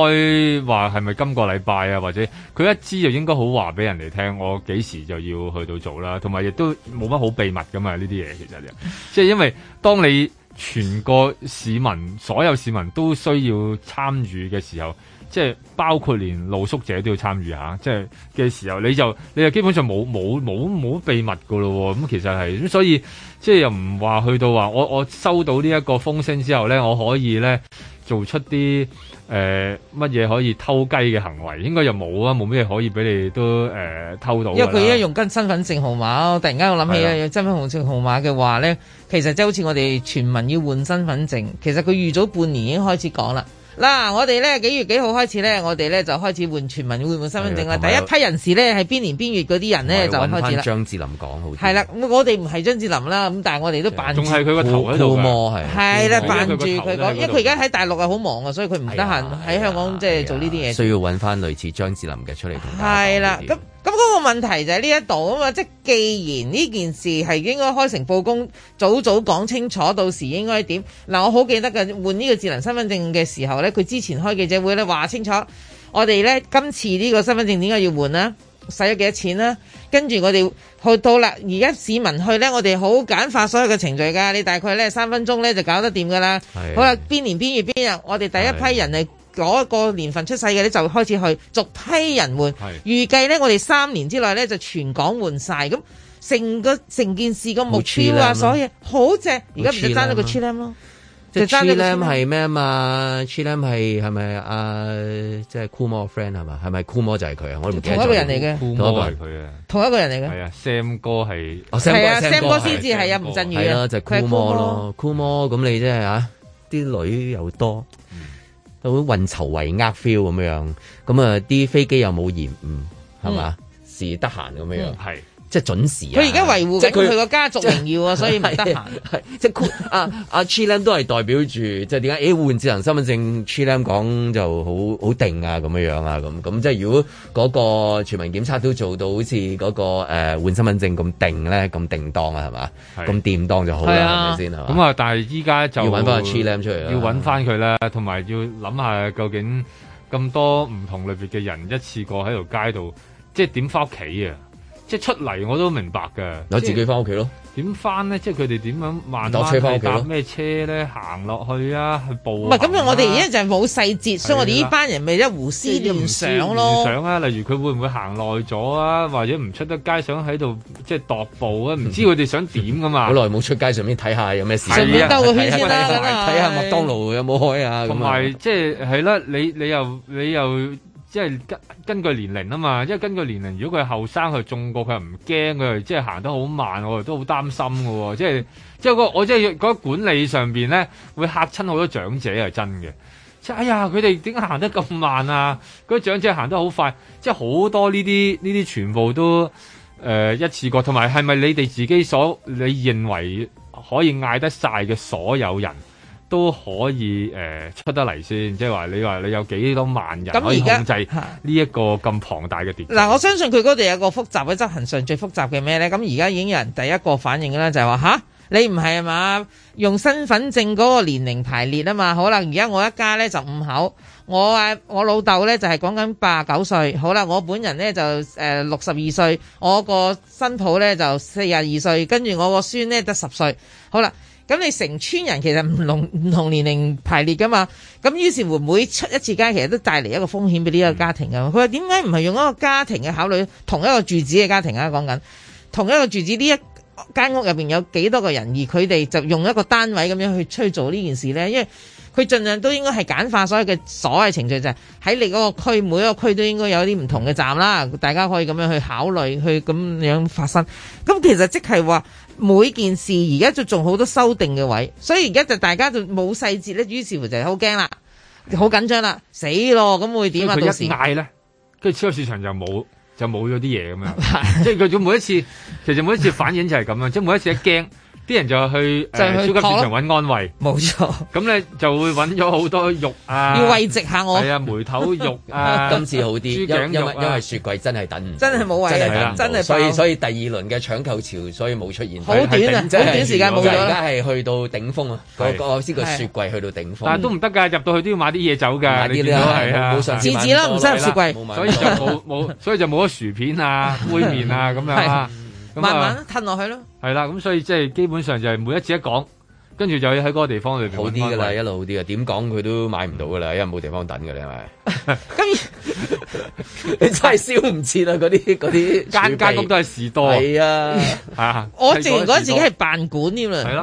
話係咪今個禮拜啊，或者佢一知就應該好話俾人哋聽，我幾時就要去到做啦。同埋亦都冇乜好秘密嘅嘛，呢啲嘢其實就即係因為當你全個市民所有市民都需要參與嘅時候。即係包括連露宿者都要參與嚇，即係嘅時候你就你就基本上冇冇冇冇秘密噶咯喎，咁其實係咁，所以即係又唔話去到話我我收到呢一個風聲之後咧，我可以咧做出啲誒乜嘢可以偷雞嘅行為，應該又冇啊，冇咩可以俾你都誒、呃、偷到。因為佢一用緊身份證號碼，突然間我諗起啊，的用身份證號碼嘅話咧，其實即係好似我哋全民要換身份證，其實佢預早半年已經開始講啦。嗱，我哋咧幾月幾號開始咧？我哋咧就開始換全民換換身份證啦。第一批人士咧係邊年邊月嗰啲人咧就開始。張智霖講好，係啦。咁我哋唔係張智霖啦。咁但係我哋都扮住仲係佢個頭喺度摸，係。係啦，扮住佢講，因為佢而家喺大陸啊，好忙啊，所以佢唔得閒喺香港即係做呢啲嘢。需要揾翻類似張智霖嘅出嚟。係啦，咁。咁嗰個問題就係呢一度啊嘛，即係既然呢件事係應該開誠佈公，早早講清楚，到時應該點？嗱、呃，我好記得嘅換呢個智能身份證嘅時候呢，佢之前開記者會呢，話清楚，我哋呢，今次呢個身份證點解要換啦？使咗幾多錢啦？跟住我哋去到啦，而家市民去呢，我哋好簡化所有嘅程序㗎，你大概呢三分鐘呢，就搞得掂㗎啦。是好啦，邊年邊月邊日，我哋第一批人係。嗰個年份出世嘅咧就開始去逐批人換，預計咧我哋三年之內咧就全港換晒，咁成個成件事個目標啊，所以好正。而家就爭咗個 Chillam 咯，就爭咗 Chillam 係咩啊嘛？Chillam 係係咪啊？即係 Coolmo friend 係嘛？係咪 Coolmo 就係佢啊？我唔記得咗。同一個人嚟嘅，同一個人嚟嘅。係啊，Sam 哥係。係啊，Sam 哥先至係啊，吳振宇。係就係 Coolmo 咯，Coolmo 咁你真係啊，啲女又多。就會運籌帷幄 feel 咁樣，咁啊啲飛機又冇延誤唔係嘛，事得閒咁樣樣，係。Yeah. 即係準時啊！佢而家維護緊佢個家族榮耀啊，即所以咪得閒。即係啊啊 Chilam 都係代表住，即係點解？誒、欸、換智能身份證 Chilam 講就好好定啊，咁樣樣啊，咁咁即係如果嗰個全民檢測都做到好似嗰、那個誒、呃、換身份證咁定咧，咁定當啊，係嘛？咁掂是當就好啦，係咪先係嘛？咁啊，是是啊但係依家就要揾翻個 Chilam 出嚟，要揾翻佢啦，同埋要諗下究竟咁多唔同類別嘅人一次過喺條街度，即係點翻屋企啊？即出嚟我都明白㗎，有自己翻屋企咯。點翻咧？即佢哋點樣慢車翻屋企咯？咩車咧？行落去啊？去步唔係咁樣？我哋而家就係冇細節，所以我哋呢班人咪一胡思亂想咯。想啊！例如佢會唔會行耐咗啊？或者唔出得街，想喺度即踱步啊？唔知佢哋想點噶嘛？好耐冇出街，上面睇下有咩事啊？兜圈啦，睇下麥當勞有冇開啊？同埋即係啦，你你又你又。即係根根據年齡啊嘛，即係根據年齡，如果佢係後生，去中過佢又唔驚佢，即係行得好慢，我哋都好擔心嘅喎、哦。即係即係嗰我即係嗰管理上邊咧，會嚇親好多長者係真嘅。即、就、係、是、哎呀，佢哋點解行得咁慢啊？嗰、那、啲、個、長者行得好快，即係好多呢啲呢啲全部都誒、呃、一次過。同埋係咪你哋自己所你認為可以嗌得晒嘅所有人？都可以誒、呃、出得嚟先，即係話你話你有幾多萬人可以控制呢一個咁龐大嘅跌？嗱、啊，我相信佢嗰度有個複雜嘅執行上最複雜嘅咩呢？咁而家已經有人第一個反應啦，就係話嚇你唔係啊嘛？用身份證嗰個年齡排列啊嘛，好啦，而家我一家呢就五口，我誒我老豆呢就係講緊八十九歲，好啦，我本人呢就誒六十二歲，我個新抱呢就四十二歲，跟住我個孫呢得十歲，好啦。咁你成村人其實唔同唔同年齡排列噶嘛，咁於是乎每出一次街，其實都帶嚟一個風險俾呢一個家庭嘅。佢話點解唔係用一個家庭嘅考慮，同一個住址嘅家庭啊？講緊同一個住址呢一間屋入邊有幾多個人，而佢哋就用一個單位咁樣去去做呢件事呢？因為佢儘量都應該係簡化所有嘅所謂程序，就係喺你嗰個區，每一個區都應該有啲唔同嘅站啦。大家可以咁樣去考慮，去咁樣發生。咁其實即係話。每件事而家就仲好多修定嘅位，所以而家就大家就冇細節咧，於是乎就係好驚啦，好緊張啦，死咯！咁會點啊？佢一嗌咧，跟住超級市場就冇就冇咗啲嘢咁樣，即係佢做每一次，其實每一次反應就係咁樣，即係每一次一驚。 啲人就去誒超級市場揾安慰，冇錯。咁咧就會揾咗好多肉啊，要慰藉下我。係啊，梅頭肉啊，今次好啲，因為雪櫃真係等唔真係冇位，真係所以所以第二輪嘅搶購潮所以冇出現，好短啊，好短時間冇咗。而家係去到頂峰啊，我我先個雪櫃去到頂峰。但都唔得㗎，入到去都要買啲嘢走㗎，買啲咧係啊，紙紙啦，唔使入雪櫃，所以就冇冇，所以就冇咗薯片啊、杯麵啊咁樣。慢慢吞落去咯，係啦，咁所以即係基本上就係每一次一講，跟住就要喺嗰個地方去好啲噶啦，一路好啲啊，點講佢都買唔到噶啦，因為冇地方等嘅啦，係咪？咁你真係燒唔切啦，嗰啲嗰啲間間屋都係士多，係啊，我淨係覺得自己係辦館添啦。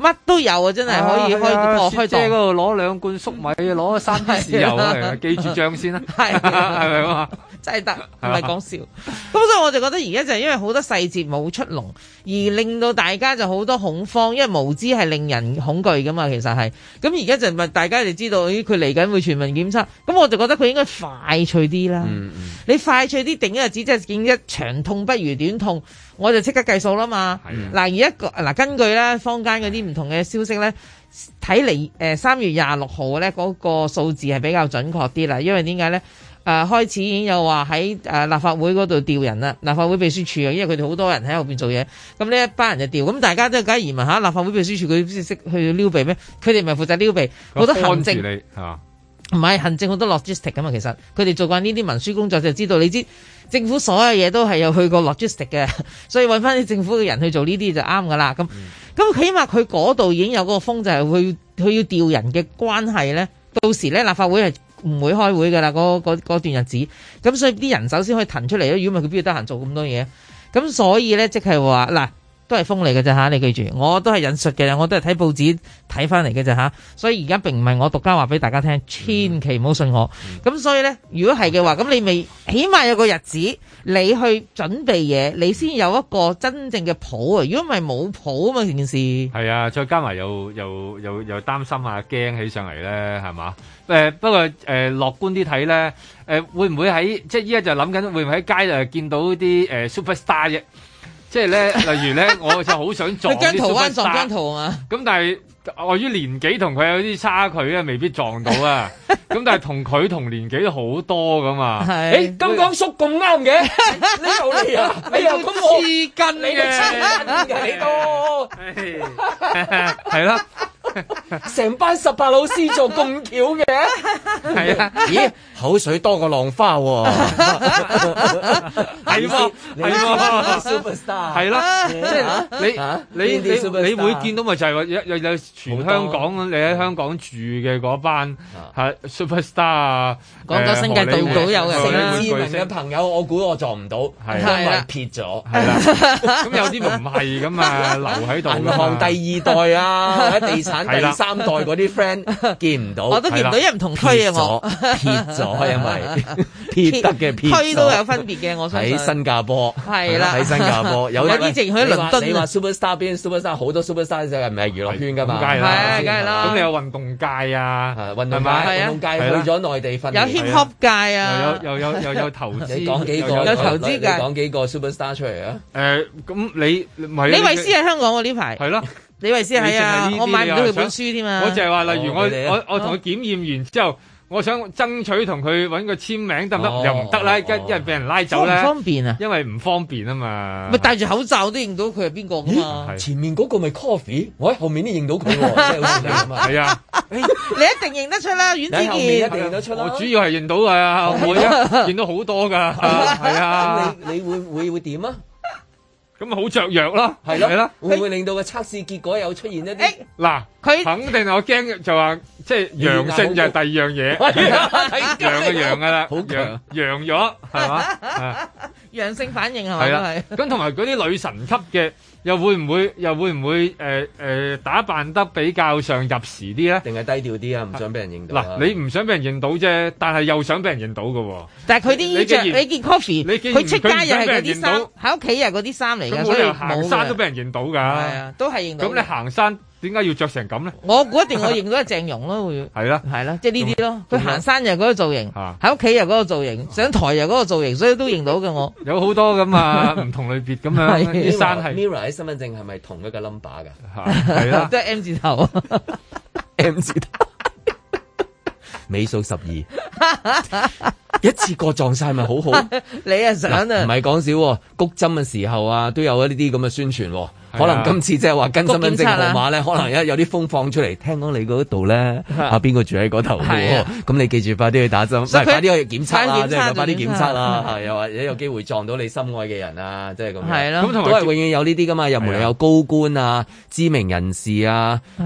乜都有啊！真係可以開，可以哦，開檔嗰度攞兩罐粟米，攞三啲豉油嚟，記住醬先啦。係係咪真係得唔係講笑，啊。咁所以我就覺得而家就係因為好多細節冇出籠，而令到大家就好多恐慌。因為無知係令人恐懼噶嘛，其實係。咁而家就問大家就知道，佢嚟緊會全民檢測。咁我就覺得佢應該快脆啲啦。嗯嗯、你快脆啲，定一日只即係見一長痛不如短痛。我就即刻計數啦嘛，嗱而一個嗱根據咧坊間嗰啲唔同嘅消息咧，睇嚟誒三月廿六號咧嗰個數字係比較準確啲啦，因為點解咧？誒、呃、開始已經有話喺誒立法會嗰度調人啦，立法會秘書處啊，因為佢哋好多人喺後邊做嘢，咁呢一班人就調，咁大家都係梗係疑問下立法會秘書處佢識去撩鼻咩？佢哋唔係負責撩鼻，好多行政你嚇。啊。唔係，行政好多 logistic 噶嘛，其實佢哋做慣呢啲文書工作，就知道你知政府所有嘢都係有去過 logistic 嘅，所以揾翻啲政府嘅人去做呢啲就啱噶啦。咁咁、嗯、起碼佢嗰度已經有個風，就係佢佢要調人嘅關係咧。到時咧立法會係唔會開會噶啦，嗰段日子。咁所以啲人首先可以騰出嚟咯。如果唔係佢邊度得閒做咁多嘢？咁所以咧即係話嗱。都係風嚟嘅啫嚇，你記住，我都係引述嘅，我都係睇報紙睇返嚟嘅啫嚇，所以而家並唔係我獨家話俾大家聽，千祈唔好信我。咁、嗯嗯、所以咧，如果係嘅話，咁你咪起碼有個日子，你去準備嘢，你先有一個真正嘅譜啊！如果唔係冇譜啊嘛，件事。係啊，再加埋又又又又擔心啊，驚起上嚟咧，係嘛？誒、呃、不過誒樂、呃、觀啲睇咧，誒、呃、會唔會喺即係依家就諗緊會唔會喺街度見到啲誒、呃、super star 啫？即係咧，例如咧，我就好想撞啲，撞翻唐啊！咁但係礙於年紀同佢有啲差距咧，未必撞到啊！咁但係同佢同年紀都好多噶嘛？誒，金剛叔咁啱嘅，你又你又咁接近你嘅生日幾多？係啦。成班十八老師做咁巧嘅，係啊？咦，口水多過浪花喎，係嘛，係嘛，係啦，即係你你你會見到咪就係有有全香港你喺香港住嘅嗰班係 Superstar 啊，廣州新界島島有嘅，你啲朋友我估我撞唔到，都係撇咗，係啦，咁有啲咪唔係咁啊，留喺度，銀行第二代啊，喺地產。係啦，第三代嗰啲 friend 見唔到，我都見到，因為唔同區啊，我撇咗，因為撇得嘅，區都有分別嘅。我喺新加坡，係啦，喺新加坡有一直接去倫敦。你話 superstar 變 superstar，好多 superstar 就係唔係娛樂圈噶嘛？梗係啦，咁你有運動界啊？係嘛？係啊，係去咗內地分有 hip hop 界啊，有又有又有投資，有投資界，講幾個 superstar 出嚟啊？誒，咁你唔係？李維斯係香港喎呢排。係咯。李慧先係啊！我買唔到佢本書添啊！我就係話，例如我我我同佢檢驗完之後，我想爭取同佢揾個簽名得唔得？又唔得啦，因為俾人拉走啦。唔方便啊！因為唔方便啊嘛。咪戴住口罩都認到佢係邊個噶嘛？前面嗰個咪 Coffee，我喺後面都認到佢喎。係啊，你一定認得出啦，阮子健。我主要係認到啊，我啊，認到好多噶，係啊。你你會會會點啊？咁啊，好著弱咯，係咯，會唔會令到個測試結果又出現一啲？嗱，佢肯定我驚就話，即係陽性就係第二樣嘢，陽啊陽㗎啦，陽陽咗係嘛？陽性反應係咪都係，咁同埋嗰啲女神級嘅又會唔會又會唔會誒誒、呃、打扮得比較上入時啲咧，定係低調啲啊？唔想俾人認到。嗱、啊，啊、你唔想俾人認到啫，但係又想俾人認到嘅。但係佢啲衣著，你見 coffee，佢出街又係嗰啲衫，喺屋企又係嗰啲衫嚟嘅，所以行山都俾人認到噶。係啊，都係認到。咁你行山？點解要着成咁咧？我估一定我認到阿鄭融咯，佢係啦，係啦，即係呢啲咯。佢行山又嗰個造型，喺屋企又嗰個造型，啊、上台又嗰個造型，所以都認到嘅我。有好多咁啊，唔同類別咁樣啲衫係。Mirror 喺身份證係咪同一個 number 噶？係啦，都係 M 字頭、啊哈哈啊、，M 字頭、啊，尾數十二，一次過撞晒咪好好。你啊想啊，唔係講少，谷針嘅時候啊，都有一啲咁嘅宣傳、啊。可能今次即係話跟身份證號碼咧，可能有有啲風放出嚟，聽講你嗰度咧，啊邊個住喺嗰頭嘅，咁你記住快啲去打針，快啲去檢測啦，即係快啲檢測啦，又或者有機會撞到你心愛嘅人啊，即係咁樣，係咯，都係永遠有呢啲噶嘛，入面有高官啊、知名人士啊、社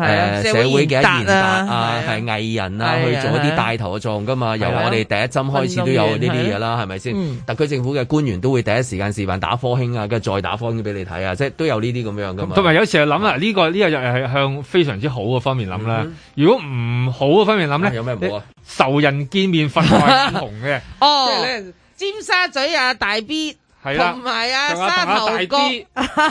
會嘅賢達啊，係藝人啊，去做一啲帶頭嘅作用噶嘛，由我哋第一針開始都有呢啲嘢啦，係咪先？特區政府嘅官員都會第一時間示範打科興啊，跟住再打科興俾你睇啊，即係都有呢啲咁樣同埋有時係，諗啦，呢個呢個又係向非常之好嘅方面諗啦。如果唔好嘅方面諗咧、嗯，有咩唔好啊？仇人見面分外紅嘅。 哦，即係尖沙咀啊，大 B。係啦，同埋啊，山頭哥，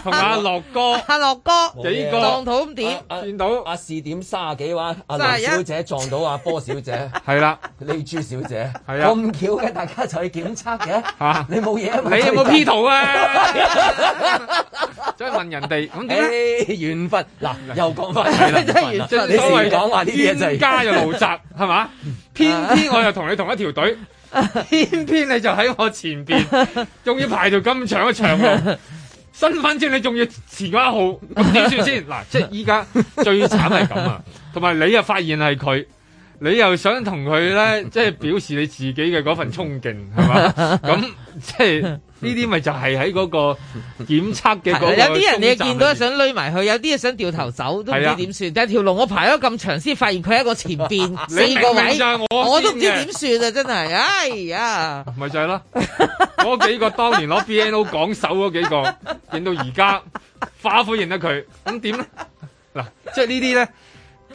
同阿樂哥，阿樂哥，幾個撞到咁點？見到阿士點三啊幾彎，阿樂小姐撞到阿波小姐，係啦，你珠小姐，係啊，咁巧嘅，大家就去檢測嘅，吓，你冇嘢，你有冇 P 圖啊？再問人哋咁啲緣分，嗱，又講翻即啦，正所謂講話啲嘢，冤家又路窄，係嘛？偏偏我又同你同一條隊。偏偏你就喺我前邊，仲要排到咁長嘅長龍，身份證你仲要前嗰一號，咁點算先？嗱，即係依家最慘係咁啊！同埋你又發現係佢，你又想同佢咧，即係表示你自己嘅嗰份衝勁，係嘛？咁即係。呢啲咪就係喺嗰個檢測嘅嗰個，有啲人你見到想匿埋去，有啲又想掉頭走，都唔知點算。但係條龍我排咗咁長先發現佢喺個前邊，四個位，我都唔知點算啊！真係，哎呀，咪就係咯，嗰幾個當年攞 BNO 講手嗰幾個，影到而家花火認得佢，咁點咧？嗱，即係呢啲咧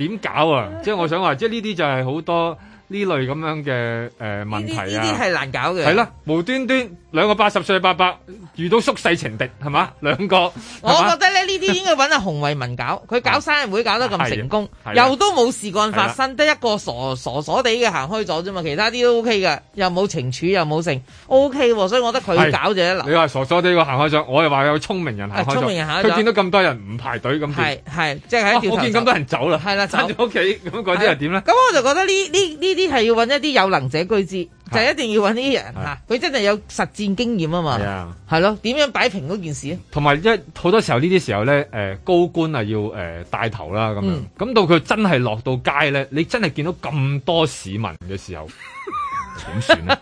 點搞啊？即係我想話，即係呢啲就係好多呢類咁樣嘅誒問題啊！呢啲係難搞嘅，係啦，無端端。兩個八十歲八伯遇到宿世情敵係嘛？兩個，我覺得咧呢啲應該揾阿洪為民搞，佢 搞生日會搞得咁成功，又都冇事幹發生，得的一個傻傻傻哋嘅行開咗啫嘛，其他啲都 O K 嘅，又冇懲處又冇剩，O K 喎，所以我覺得佢搞就一流。你話傻傻哋個行開咗，我又話有聰明人行開咗，佢見到咁多人唔排隊咁，係係即係喺、啊、我見咁多人走啦，係啦走咗屋企，咁嗰啲人點咧？咁我就覺得呢呢呢啲係要揾一啲有能者居之。啊、就一定要揾啲人，佢、啊、真係有實戰經驗啊嘛，係咯、啊，點樣擺平嗰件事咧？同埋因為好多時候呢啲時候咧，誒、呃、高官啊要誒、呃、帶頭啦咁樣，咁、嗯、到佢真係落到街咧，你真係見到咁多市民嘅時候，點算咧？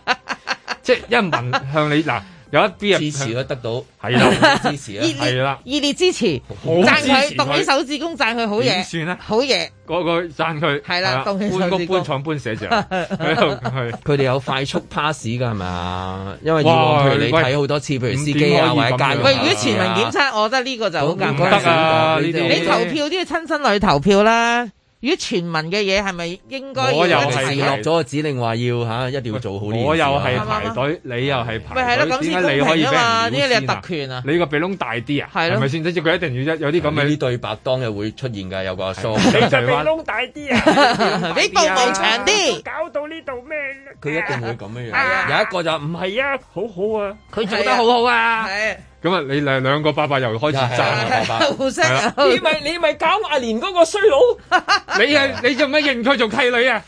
即係 一問向你嗱。有一啲支持佢得到，係啦支持啦，係啦熱烈支持，贊佢，動起手指公贊佢好嘢，算啦，好嘢，個個贊佢，係啦，動起手指公，搬工搬廠搬寫字，佢哋有快速 pass 噶係咪？因為二皇台你睇好多次，譬如司機啊，或者，喂，如果全民檢測，我覺得呢個就好緊，得啊，你投票都要親身去投票啦。如果傳聞嘅嘢係咪應該？我又係落咗個指令話要嚇，一定要做好啲。我又係排隊，你又係排。咪係咯，咁先公平啊嘛？呢個你特權啊！你呢個鼻窿大啲啊？係咯，係咪先？即係佢一定要一有啲咁嘅。呢對白當日會出現㗎，有個疏忽。你隻鼻窿大啲啊！你鼻毛長啲。搞到呢度咩？佢一定會咁樣樣。有一個就唔係啊，好好啊，佢做得好好啊。咁啊，你兩兩個爸爸又開始爭，你咪你咪搞阿連嗰個衰佬，你係你做咩認佢做契女啊？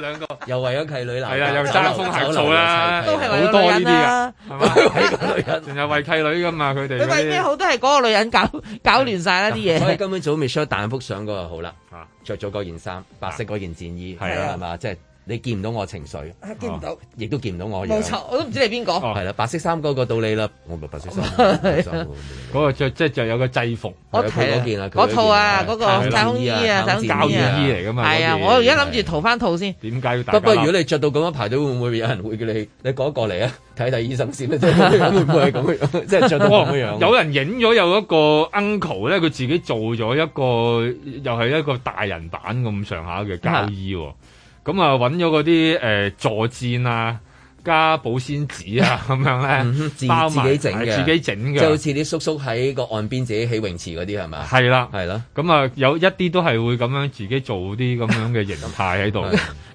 兩個又為咗契女鬧，係啦，又爭風呷醋啦，好多呢啲啊，仲有為契女噶嘛佢哋，你為咩好多係嗰個女人搞搞亂曬啦啲嘢。所以根本早未 show 大幅相嗰個好啦，着咗嗰件衫，白色嗰件戰衣，係啦係嘛，即係。你見唔到我情緒，見唔到，亦都見唔到我。冇錯，我都唔知你邊個。係啦，白色衫嗰個到你啦。我咪白色衫。嗰個著即係就有個制服，我睇嗰件啦。嗰套啊，嗰個太空衣啊，太空衣嚟㗎嘛。係啊，我而家諗住塗翻套先。點解要？不過如果你着到咁一排，會唔會有人會叫你？你過一過嚟啊，睇睇醫生先啦，即係會唔會係咁樣？即係著到咁樣。有人影咗有一個 uncle 咧，佢自己做咗一個，又係一個大人版咁上下嘅膠衣。咁啊，揾咗嗰啲誒助戰啊！加保鮮紙啊，咁樣咧，包自己整嘅，自己整嘅，就好似啲叔叔喺個岸邊自己起泳池嗰啲係咪？係啦，係啦。咁啊，有一啲都係會咁樣自己做啲咁樣嘅形態喺度。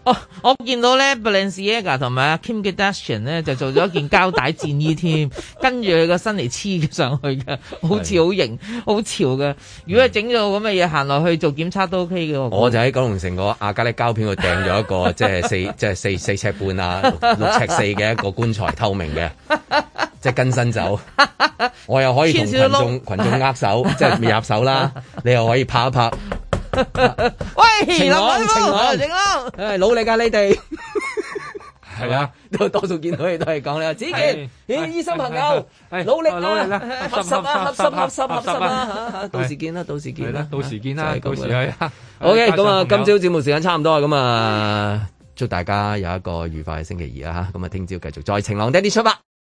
哦，我見到咧 Balenciaga 同埋啊 Kim Kardashian 咧就做咗件膠帶戰衣添，跟住佢個身嚟黐上去嘅，好似好型，好潮嘅。如果係整咗咁嘅嘢行落去做檢測都 OK 嘅。我就喺九龍城個阿加力膠片度訂咗一個，即係四即係四四尺半啊，六尺。四嘅一個棺材透明嘅，即係跟身走，我又可以同群眾群眾握手，即係唔握手啦，你又可以拍一拍。喂，停咯停咯停咯！誒，努力㗎你哋，係啊，都多數見到你都係講啦，子健，誒醫生朋友，誒努力啦，合十啊，合十合十合十啊，嚇嚇，到時見啦，到時見啦，到時見啦，到時係。OK，咁啊，今朝節目時間差唔多啊，咁啊。祝大家有一個愉快嘅星期二啊！哈，咁啊，聽朝繼續在晴朗的一天出發。